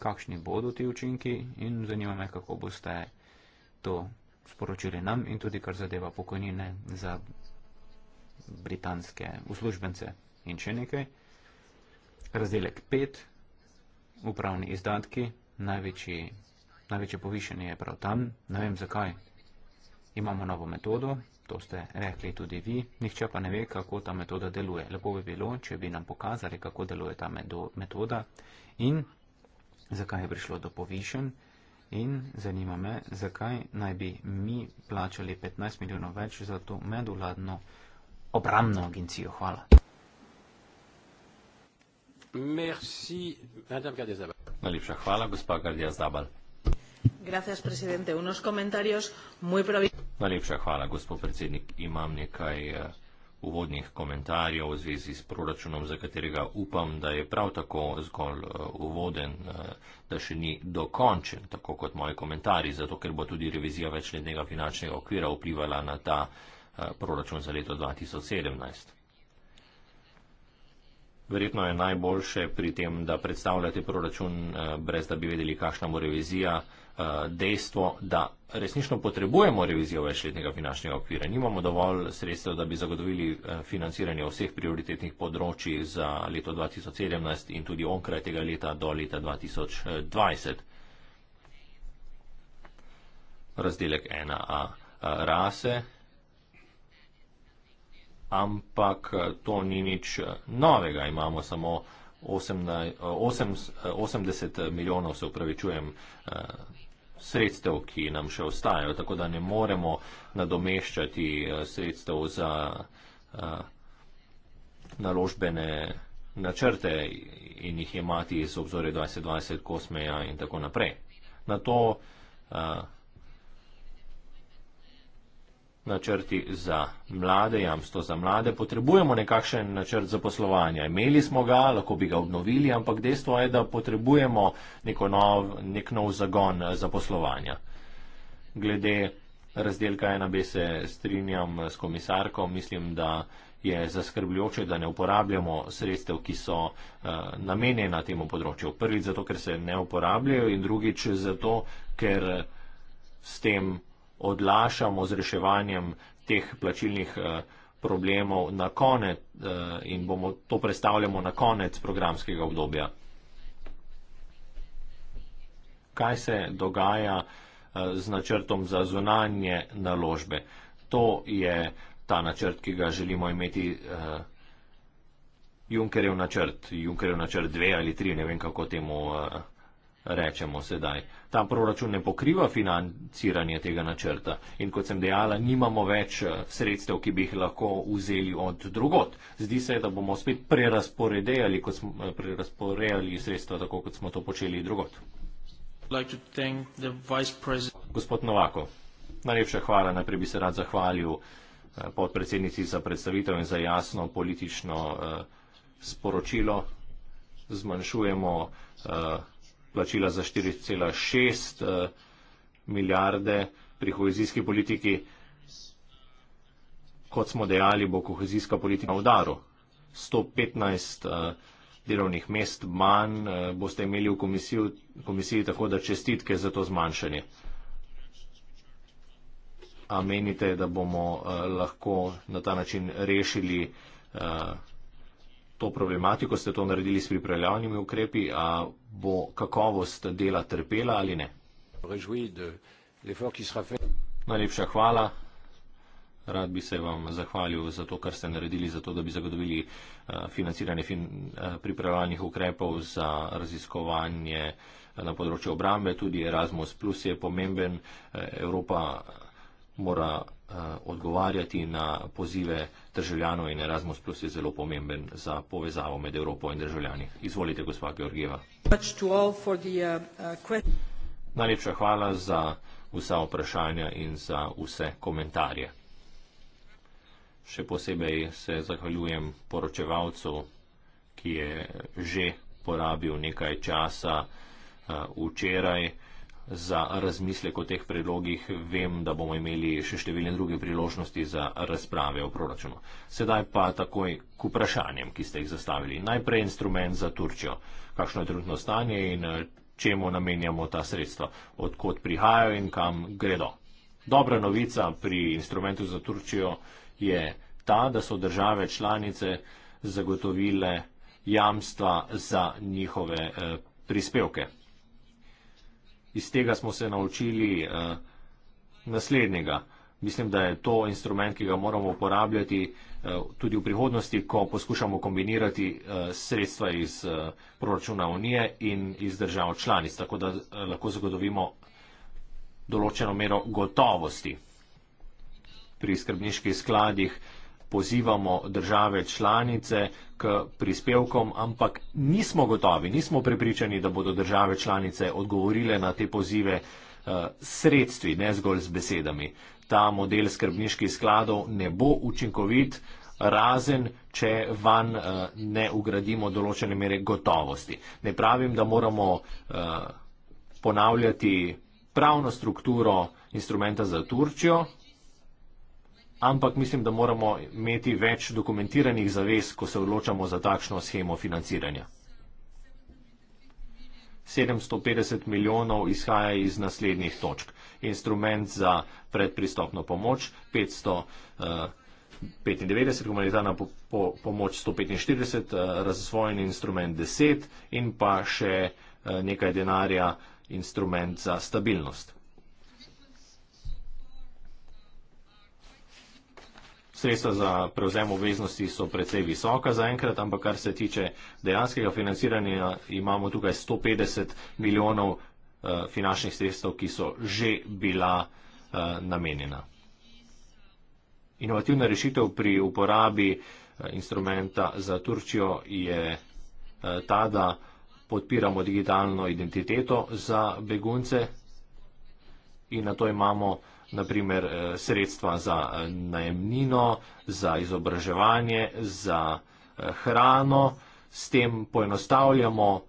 Kakšni bodo ti učinki in zanima me, kako boste to sporočili nam in tudi kar zadeva pokojnine za britanske uslužbence in še nekaj. Razdelek 5, upravni izdatki, največji, največje povišanje je prav tam, ne vem zakaj. Imamo novo metodo, to ste rekli tudi vi, nihče pa ne ve, kako ta metoda deluje. Lepo bi bilo, če bi nam pokazali, kako deluje ta metoda in zakaj je prišlo do povišen in zanima me, zakaj naj bi mi plačali 15 milijonov več za to medvladno obramno agencijo. Hvala. Merci, Najlepša hvala, gospa Gardija Zabal. Gracias, presidente. Unos comentarios muy provi... Najlepša hvala, gospod predsednik. Imam nekaj eh, uvodnih komentarjev v zvezi s proračunom, za katerega upam, da je prav tako zgolj eh, uvoden, eh, da še ni dokončen, tako kot moji komentarji, zato ker bo tudi revizija večletnega finančnega okvira vplivala na ta proračun Eh, proračun za leto 2017. Verjetno je najboljše pri tem, da predstavljate proračun, eh, brez da bi vedeli, kakšna bo revizija, eh, dejstvo, da resnično potrebujemo revizijo večletnega finančnega okvira. Nimamo dovolj sredstev, da bi zagotovili financiranje vseh prioritetnih področji za leto 2017 in tudi onkraj tega leta do leta 2020. Razdelek 1a rase ampak eh, to ni nič eh, novega. Imamo samo 80 eh, milijonov, se upravičujem, sredstev, ki nam še ostajajo, tako da ne moremo nadomeščati sredstev za naložbene načrte in jih imati iz obzore 2020 kosmeja in tako naprej. Na to načrti za mlade, jamstvo za mlade, potrebujemo nekakšen načrt za poslovanje. Imeli smo ga, lahko bi ga obnovili, ampak dejstvo je, da potrebujemo nov, nek nov zagon eh, za poslovanje. Glede razdelka 1B se strinjam eh, s komisarko, mislim, da je zaskrbljujoče, da ne uporabljamo sredstev, ki so uh, namenjena temu področju. Prvič zato, ker se ne uporabljajo in drugič zato, ker s tem odlašamo z reševanjem teh plačilnih eh, problemov na konec eh, in bomo to predstavljamo na konec programskega obdobja. Kaj se dogaja eh, z načrtom za zunanje naložbe? To je ta načrt, ki ga želimo imeti. Junkerjev načrt, Junkerjev načrt dve ali tri, ne vem kako temu rečemo sedaj. Ta proračun ne pokriva financiranje tega načrta in kot sem dejala, nimamo več eh, sredstev, ki bi jih lahko vzeli od drugot. Zdi se, da bomo spet prerasporedili, kot smo, eh, prerasporedili sredstva, tako kot smo to počeli drugot. Gospod Novako, najlepša hvala, najprej bi se rad zahvalil eh, podpredsednici za predstavitev in za jasno politično uh, sporočilo. Zmanjšujemo uh, plačila za 4,6 eh, milijarde pri kohezijski politiki. Kot smo dejali, bo kohezijska politika v udaru. 115 eh, delovnih mest manj eh, boste imeli v komisiji, komisiji tako da čestitke za to zmanjšanje. A menite, da bomo lahko na ta način rešili to problematiko, ste to naredili s pripravljalnimi ukrepi, a bo kakovost dela trpela ali ne? Najlepša hvala. Rad bi se vam zahvalil za to, kar ste naredili, za to, da bi zagotovili eh, financiranje fin, eh, pripravljalnih ukrepov za raziskovanje eh, na področju obrambe. Tudi Erasmus Plus je pomemben. Evropa mora uh, odgovarjati na pozive državljanov in Erasmus Plus je zelo pomemben za povezavo med Evropo in državljani. Izvolite, gospa Georgieva. Eh, eh, Najlepša hvala za vsa vprašanja in za vse komentarje. Še posebej se zahvaljujem poročevalcu, ki je že porabil nekaj časa uh, včeraj za razmislek o teh predlogih. Vem, da bomo imeli še številne druge priložnosti za razprave o proračunu. Sedaj pa takoj k vprašanjem, ki ste jih zastavili. Najprej instrument za Turčjo. Kakšno je trenutno stanje in eh, čemu namenjamo ta sredstva? Odkot prihajajo in kam gredo? Dobra novica pri instrumentu za Turčjo je ta, da so države članice zagotovile jamstva za njihove eh, prispevke iz tega smo se naučili uh, naslednjega. Mislim, da je to instrument, ki ga moramo uporabljati uh, tudi v prihodnosti, ko poskušamo kombinirati uh, sredstva iz uh, proračuna Unije in iz držav članic, tako da uh, lahko zagotovimo določeno mero gotovosti pri skrbniških skladih. Uh, pozivamo države članice k prispevkom, ampak nismo gotovi, nismo prepričani, da bodo države članice odgovorile na te pozive s eh, sredstvi, ne zgolj z besedami. Ta model skrbniških skladov ne bo učinkovit, razen če van eh, ne ugradimo določene mere gotovosti. Ne pravim, da moramo eh, ponavljati pravno strukturo instrumenta za Turčjo, ampak mislim, da moramo imeti več dokumentiranih zavez, ko se odločamo za takšno schemo financiranja. 750 milijonov izhaja iz naslednjih točk. Instrument za predpristopno pomoč 595, eh, humanitarna po, po, pomoč 145, eh, razvojni instrument 10 in pa še eh, nekaj denarja instrument za stabilnost. Sredstva za prevzem obveznosti so precej visoka zaenkrat, ampak kar se tiče dejanskega financiranja, imamo tukaj 150 milijonov uh, finančnih sredstev, ki so že bila uh, namenjena. Inovativna rešitev pri uporabi uh, instrumenta za Turčijo je uh, ta, da podpiramo digitalno identiteto za begunce in na to imamo naprimer eh, sredstva za eh, najemnino, za izobraževanje, za eh, hrano. S tem poenostavljamo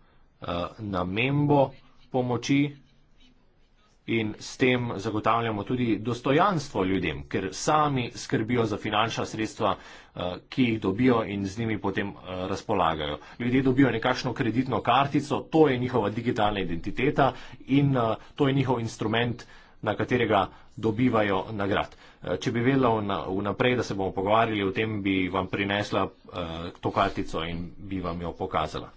namembo pomoči in s tem zagotavljamo tudi dostojanstvo ljudem, ker sami skrbijo za finančna sredstva, ki jih dobijo in z njimi potem razpolagajo. Ljudje dobijo nekakšno kreditno kartico, to je njihova digitalna identiteta in to je njihov instrument, na katerega dobivajo nagrad. Eh, če bi vedela vnaprej, da se bomo pogovarjali o tem, bi vam prinesla eh, to kartico in bi vam jo pokazala.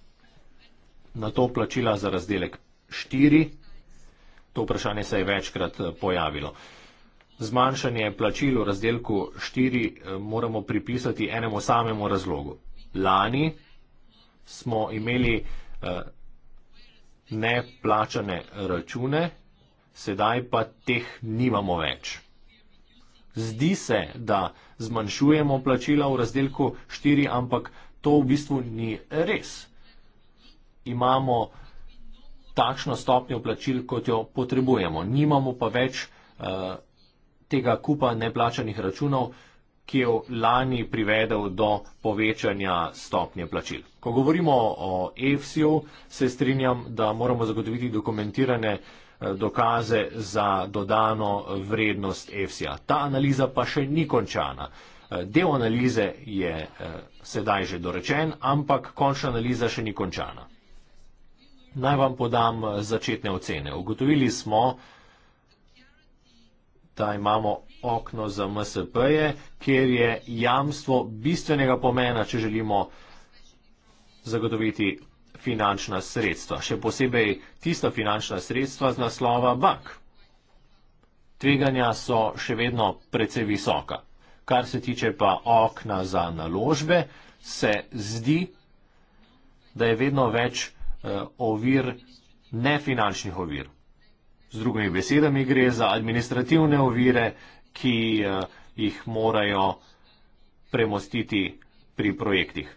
Na to plačila za razdelek 4. To vprašanje se je večkrat eh, pojavilo. Zmanjšanje plačil v razdelku 4 moramo pripisati enemu samemu razlogu. Lani smo imeli neplačane račune sedaj pa teh nimamo več. Zdi se, da zmanjšujemo plačila v razdelku 4, ampak to v bistvu ni res. Imamo takšno stopnjo plačil, kot jo potrebujemo. Nimamo pa več uh, tega kupa neplačanih računov, ki je v lani privedel do povečanja stopnje plačil. Ko govorimo o EFSI-u, se strinjam, da moramo zagotoviti dokumentirane uh, Eh, dokaze za dodano vrednost EFSI-ja. Ta analiza pa še ni končana. Eh, del analize je eh, sedaj že dorečen, ampak končna analiza še ni končana. Naj vam podam začetne ocene. Ugotovili smo, da imamo okno za MSP-je, kjer je jamstvo bistvenega pomena, če želimo zagotoviti finančna sredstva, še posebej tista finančna sredstva z naslova bank. Tveganja so še vedno precej visoka. Kar se tiče pa okna za naložbe, se zdi, da je vedno več eh, ovir, nefinančnih ovir. Z drugimi besedami gre za administrativne ovire, ki eh, jih morajo premostiti pri projektih.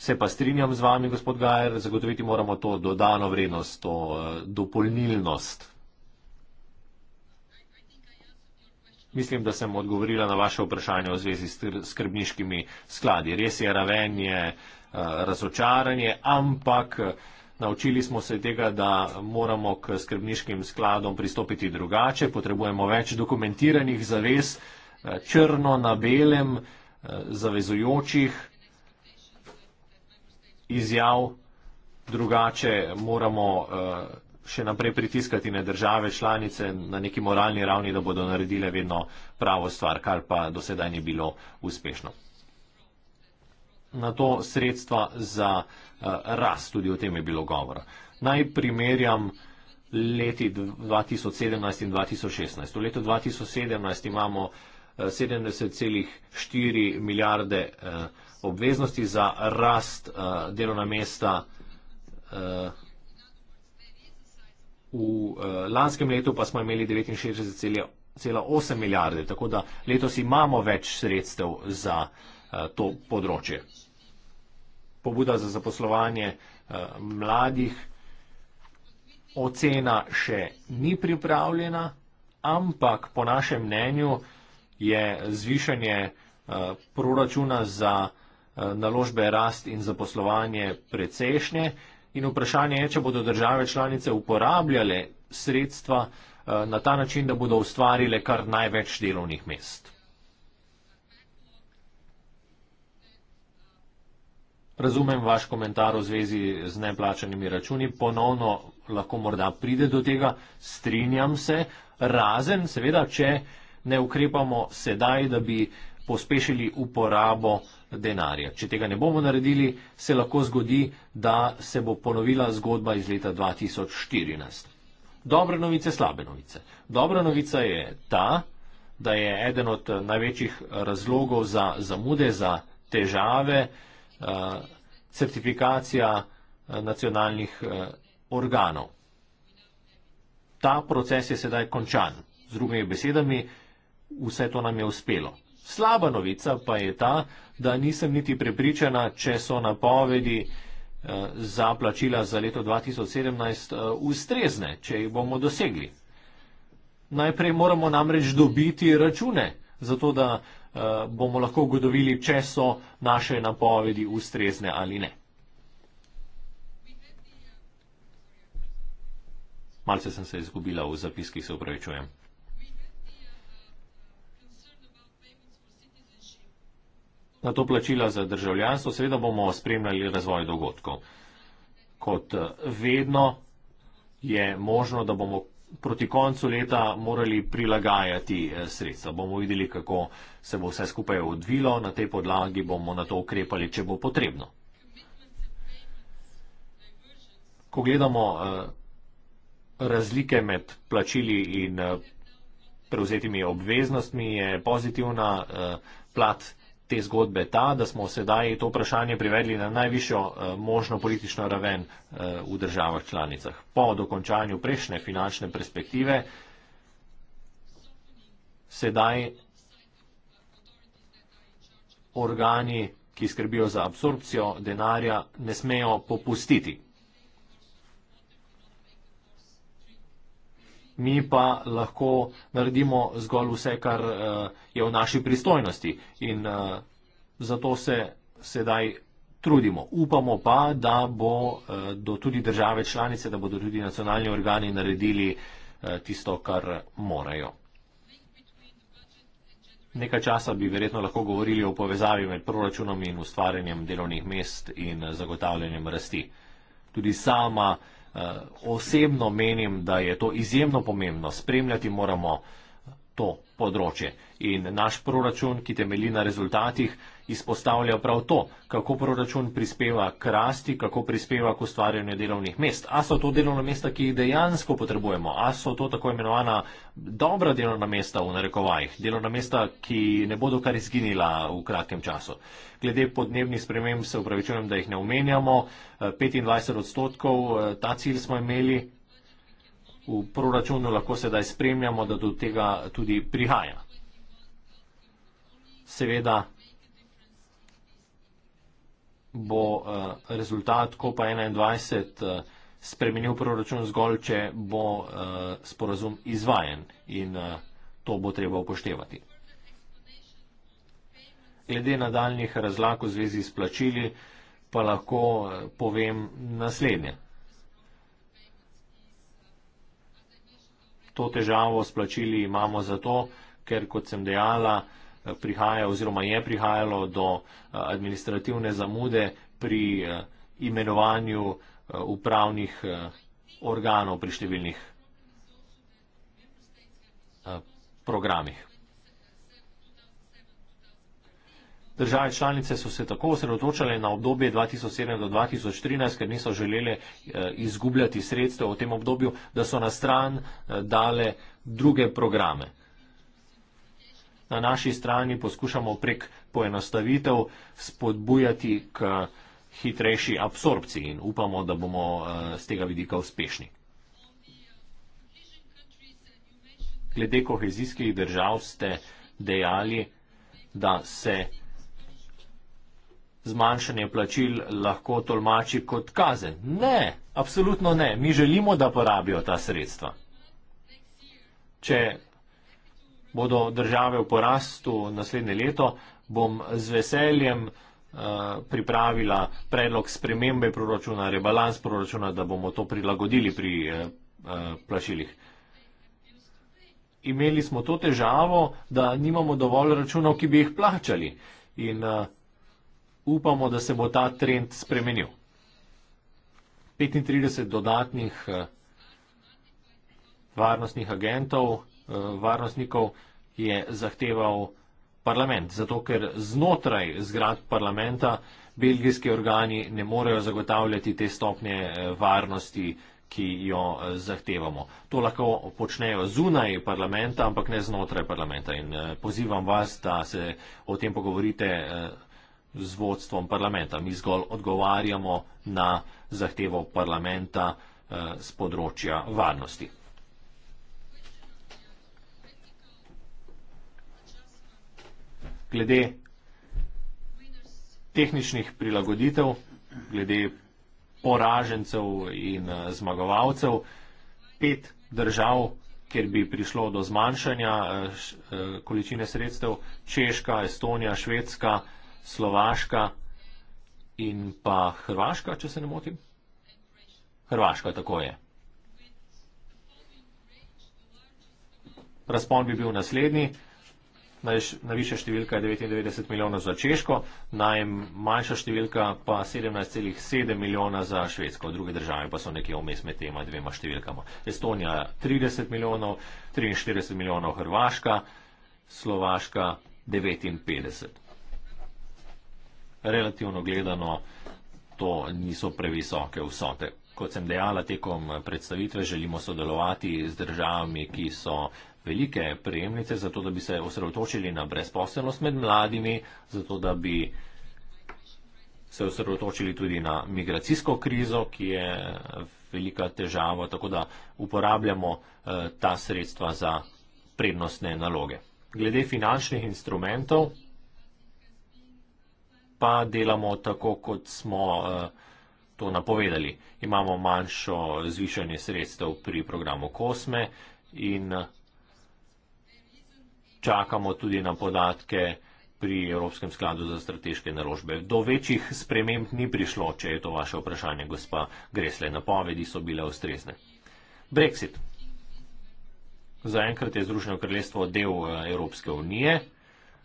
Se pa strinjam z vami, gospod Gajer, zagotoviti moramo to dodano vrednost, to eh, dopolnilnost. Mislim, da sem odgovorila na vaše vprašanje v zvezi s skrbniškimi skladi. Res je ravenje, eh, razočaranje, ampak eh, naučili smo se tega, da moramo k skrbniškim skladom pristopiti drugače, potrebujemo več dokumentiranih zavez, črno na belem, zavezujočih izjav, drugače moramo eh, še naprej pritiskati na države članice na neki moralni ravni, da bodo naredile vedno pravo stvar, kar pa do sedaj ni bilo uspešno. Na to sredstva za eh, rast, tudi o tem je bilo govora. Naj primerjam leti 2017 in 2016. V letu 2017 imamo 70,4 eh, milijarde obveznosti za rast uh, delovna mesta uh, v uh, lanskem letu pa smo imeli 69,8 milijarde, tako da letos imamo več sredstev za uh, to področje. Pobuda za zaposlovanje uh, mladih ocena še ni pripravljena, ampak po našem mnenju je zvišanje uh, proračuna za Eh, naložbe, rast in zaposlovanje precejšnje. In vprašanje je, če bodo države članice uporabljale sredstva eh, na ta način, da bodo ustvarile kar največ delovnih mest. Razumem vaš komentar v zvezi z neplačanimi računi. Ponovno lahko morda pride do tega. Strinjam se. Razen, seveda, če ne ukrepamo sedaj, da bi uh, pospešili uporabo denarja. Če tega ne bomo naredili, se lahko zgodi, da se bo ponovila zgodba iz leta 2014. Dobre novice, slabe novice. Dobra novica je ta, da je eden od največjih razlogov za zamude, za težave, eh, certifikacija eh, nacionalnih eh, organov. Ta proces je sedaj končan. Z drugimi besedami, vse to nam je uspelo. Slaba novica pa je ta, da nisem niti prepričana, če so napovedi eh, za plačila za leto 2017 eh, ustrezne, če jih bomo dosegli. Najprej moramo namreč dobiti račune, zato da eh, bomo lahko ugotovili, če so naše napovedi ustrezne ali ne. Malce sem se izgubila v zapiski, se upravičujem. Na to plačila za državljanstvo seveda bomo spremljali razvoj dogodkov. Kot eh, vedno je možno, da bomo proti koncu leta morali prilagajati eh, sredstva. Bomo videli, kako se bo vse skupaj odvilo, na tej podlagi bomo na to ukrepali, če bo potrebno. Ko gledamo eh, razlike med plačili in prevzetimi obveznostmi, je pozitivna plat te zgodbe ta, da smo sedaj to vprašanje privedli na najvišjo eh, možno politično raven eh, v državah članicah. Po dokončanju prejšnje finančne perspektive sedaj organi, ki skrbijo za absorpcijo denarja, ne smejo popustiti. mi pa lahko naredimo zgolj vse, kar eh, je v naši pristojnosti. In eh, zato se sedaj trudimo. Upamo pa, da bo eh, do tudi države članice, da bodo tudi nacionalni organi naredili tisto, kar morajo. Nekaj časa bi verjetno lahko govorili o povezavi med proračunom in ustvarjanjem delovnih mest in zagotavljanjem rasti. Tudi sama uh, Eh, osebno menim, da je to izjemno pomembno. Spremljati moramo to področje. In naš proračun, ki temelji na rezultatih, izpostavlja prav to, kako proračun prispeva k rasti, kako prispeva k ustvarjanju delovnih mest. A so to delovna mesta, ki jih dejansko potrebujemo? A so to tako imenovana dobra delovna mesta v narekovajih? Delovna mesta, ki ne bodo kar izginila v kratkem času? Glede podnebnih sprememb se upravičujem, da jih ne omenjamo. 25 eh, odstotkov eh, ta cilj smo imeli. V proračunu lahko sedaj spremljamo, da do tega tudi prihaja. Seveda bo eh, rezultat COP21 eh, spremenil proračun zgolj, če bo eh, sporazum izvajen in to bo treba upoštevati. Glede nadaljnih razlag v zvezi s plačili pa lahko povem naslednje. To težavo s plačili imamo zato, ker, kot sem dejala, prihaja oziroma je prihajalo do eh, administrativne zamude pri eh, imenovanju eh, upravnih organov pri številnih programih. Države članice so se tako osredotočale na obdobje 2007 do 2013, ker niso želele izgubljati sredstev v tem obdobju, da so na stran dale druge programe na naši strani poskušamo prek poenostavitev spodbujati k hitrejši absorpciji in upamo, da bomo z eh, tega vidika uspešni. Glede kohezijskih držav ste dejali, da se zmanjšanje plačil lahko tolmači kot kazen. Ne, absolutno ne. Mi želimo, da porabijo ta sredstva. Če bodo države v porastu naslednje leto, bom z veseljem eh, pripravila predlog spremembe proračuna, rebalans proračuna, da bomo to prilagodili pri eh, eh, plašilih. Imeli smo to težavo, da nimamo dovolj računov, ki bi jih plačali in upamo, da se bo ta trend spremenil. 35 dodatnih varnostnih agentov. Eh, varnostnikov je zahteval parlament, zato ker znotraj zgrad parlamenta belgijski organi ne morejo zagotavljati te stopnje eh, varnosti, ki jo eh, zahtevamo. To lahko počnejo zunaj parlamenta, ampak ne znotraj parlamenta. In pozivam vas, da se o tem pogovorite z vodstvom parlamenta. Mi zgolj odgovarjamo na zahtevo parlamenta z področja varnosti. glede tehničnih prilagoditev, glede poražencev in eh, zmagovalcev, pet držav, kjer bi prišlo do zmanjšanja eh, eh, količine sredstev, Češka, Estonija, Švedska, Slovaška in pa Hrvaška, če se ne motim. Hrvaška, tako je. Razpon bi bil naslednji. Najvišja številka je 99 milijonov za Češko, najmanjša številka pa 17,7 milijona za Švedsko. Druge države pa so nekje vmes med tema dvema številkama. Estonija 30 milijonov, 43 milijonov Hrvaška, Slovaška 59. Relativno gledano to niso previsoke vsote. Kot sem dejala tekom predstavitve, želimo sodelovati z državami, ki so velike prejemnice, zato da bi se osredotočili na brezposelnost med mladimi, zato da bi se osredotočili tudi na migracijsko krizo, ki je velika težava, tako da uporabljamo eh, ta sredstva za prednostne naloge. Glede finančnih instrumentov pa delamo tako, kot smo eh, to napovedali. Imamo manjšo zvišanje sredstev pri programu Kosme in čakamo tudi na podatke pri Evropskem skladu za strateške naložbe. Do večjih sprememb ni prišlo, če je to vaše vprašanje, gospa Gresle. Napovedi so bile ustrezne. Brexit. Zaenkrat je Združeno kraljestvo del eh, Evropske unije.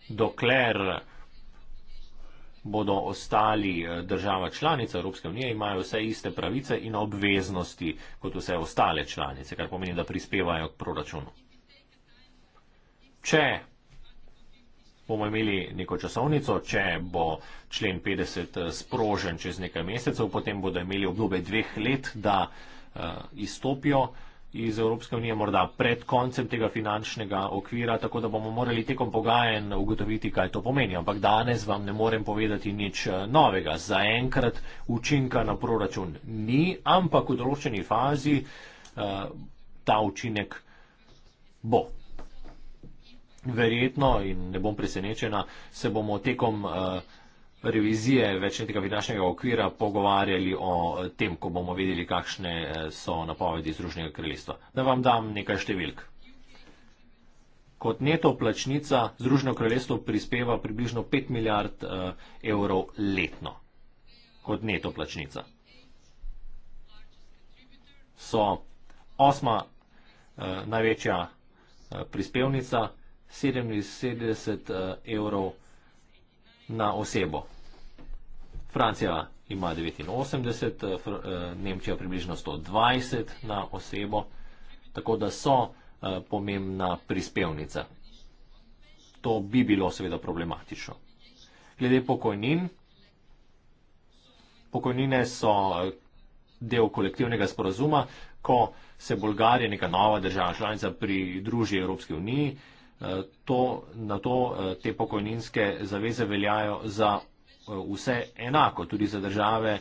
Dokler bodo ostali eh, država članica Evropske unije, imajo vse iste pravice in obveznosti kot vse ostale članice, kar pomeni, da prispevajo k proračunu če bomo imeli neko časovnico, če bo člen 50 eh, sprožen čez nekaj mesecev, potem bodo imeli obdobje dveh let, da uh, izstopijo iz Evropske unije, morda pred koncem tega finančnega okvira, tako da bomo morali tekom pogajen ugotoviti, kaj to pomeni. Ampak danes vam ne morem povedati nič eh, novega. Zaenkrat učinka na proračun ni, ampak v določeni fazi uh, ta učinek bo verjetno in ne bom presenečena, se bomo tekom eh, revizije večnega finančnega okvira pogovarjali o eh, tem, ko bomo videli, kakšne eh, so napovedi Združenega kraljestva. Da vam dam nekaj številk. Kot neto plačnica Združeno kraljestvo prispeva približno 5 milijard evrov letno. Kot neto plačnica. So osma največja prispevnica 77 eh, evrov na osebo. Francija ima 89, eh, eh, Nemčija približno 120 na osebo, tako da so pomembna prispevnica. To bi bilo seveda problematično. Glede pokojnin, pokojnine so del kolektivnega sporazuma, ko se Bolgarija, neka nova država članica, pridruži Evropski uniji, Eh, to, na to eh, te pokojninske zaveze veljajo za eh, vse enako, tudi za države,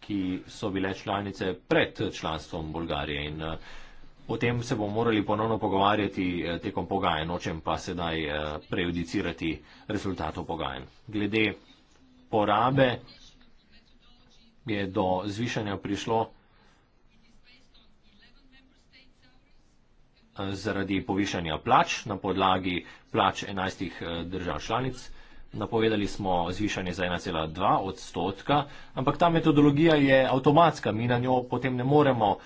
ki so bile članice pred članstvom Bolgarije. In o tem se bomo morali ponovno pogovarjati tekom pogajanj, očem pa sedaj prejudicirati rezultatov pogajanj. Glede porabe je do zvišanja prišlo zaradi povišanja plač na podlagi plač enajstih eh, držav članic. Napovedali smo zvišanje za 1,2 odstotka, ampak ta metodologija je avtomatska, mi na njo potem ne moremo uh,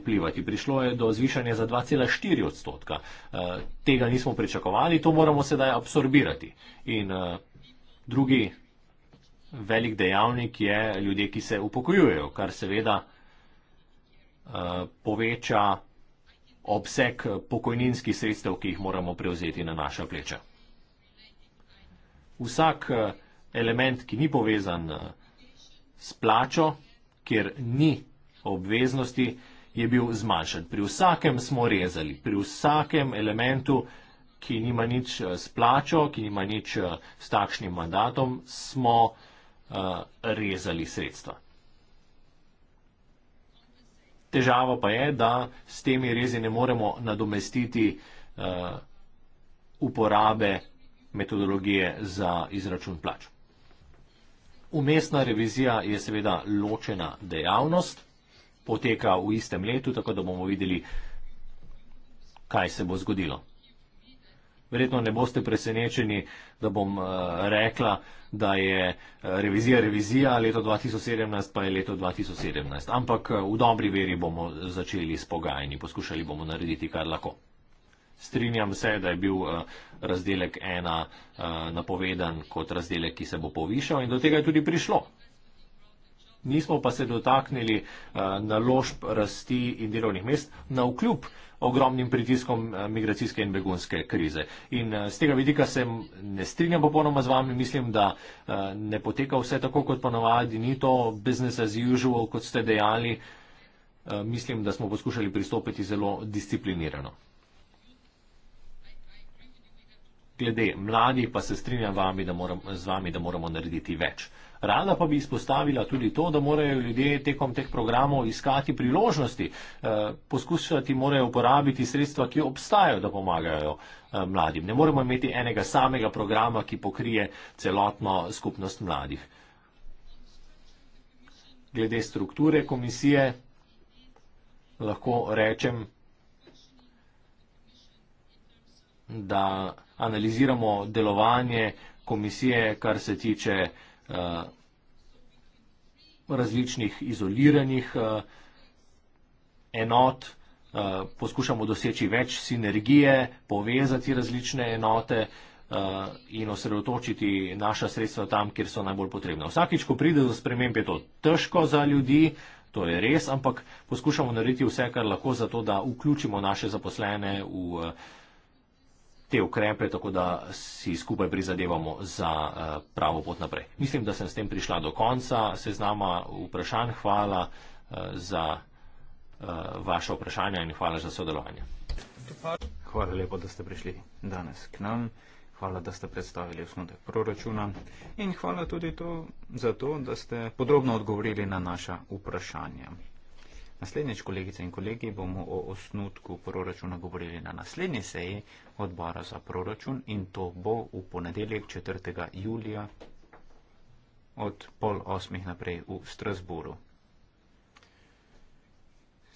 vplivati. Prišlo je do zvišanja za 2,4 odstotka. Uh, tega nismo pričakovali, to moramo sedaj absorbirati. In uh, drugi velik dejavnik je ljudje, ki se upokojujejo, kar seveda uh, poveča obseg eh, pokojninskih sredstev, ki jih moramo prevzeti na naša pleča. Vsak eh, element, ki ni povezan eh, s plačo, kjer ni obveznosti, je bil zmanjšan. Pri vsakem smo rezali, pri vsakem elementu, ki nima nič s plačo, ki nima nič s takšnim mandatom, smo uh, rezali sredstva. Težava pa je, da s temi rezi ne moremo nadomestiti uh, uporabe metodologije za izračun plač. Umestna revizija je seveda ločena dejavnost, poteka v istem letu, tako da bomo videli, kaj se bo zgodilo. Verjetno ne boste presenečeni, da bom eh, rekla, da je eh, revizija revizija, leto 2017 pa je leto 2017. Ampak eh, v dobri veri bomo začeli s pogajanji, poskušali bomo narediti, kar lahko. Strinjam se, da je bil razdelek ena napovedan kot razdelek, ki se bo povišal in do tega je tudi prišlo. Nismo pa se dotaknili uh, naložb, rasti in delovnih mest na vkljub ogromnim pritiskom uh, migracijske in begunske krize. In uh, eh, z tega vidika se ne strinjam popolnoma z vami, mislim, da uh, ne poteka vse tako kot ponovadi, ni to business as usual, kot ste dejali. Uh, mislim, da smo poskušali pristopiti zelo disciplinirano. glede mladih pa se strinjam vami, moram, z vami, da moramo narediti več. Rada pa bi izpostavila tudi to, da morajo ljudje tekom teh programov iskati priložnosti, eh, poskušati morajo uporabiti sredstva, ki obstajajo, da pomagajo eh, mladim. Ne moremo imeti enega samega programa, ki pokrije celotno skupnost mladih. Glede strukture komisije lahko rečem, da analiziramo delovanje komisije, kar se tiče eh, različnih izoliranih eh, enot, eh, poskušamo doseči več sinergije, povezati različne enote in osredotočiti naša sredstva tam, kjer so najbolj potrebne. Vsakič, ko pride do sprememb, je to težko za ljudi, to je res, ampak poskušamo narediti vse, kar lahko za to, da vključimo naše zaposlene v sredstvo te ukrepe, tako da si skupaj prizadevamo za eh, pravo pot naprej. Mislim, da sem s tem prišla do konca seznama vprašanj. Hvala eh, za eh, vaše vprašanja in hvala za sodelovanje. Hvala lepo, da ste prišli danes k nam. Hvala, da ste predstavili osnutek proračuna in hvala tudi to, za to, da ste podrobno odgovorili na naša vprašanja. Naslednjič, kolegice in kolegi, bomo o osnutku proračuna govorili na naslednji seji odbora za proračun in to bo v ponedeljek 4. julija od pol osmih naprej v Strasburu.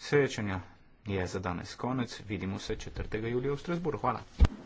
Srečanja je za danes konec. Vidimo se 4. julija v Strasburu. Hvala.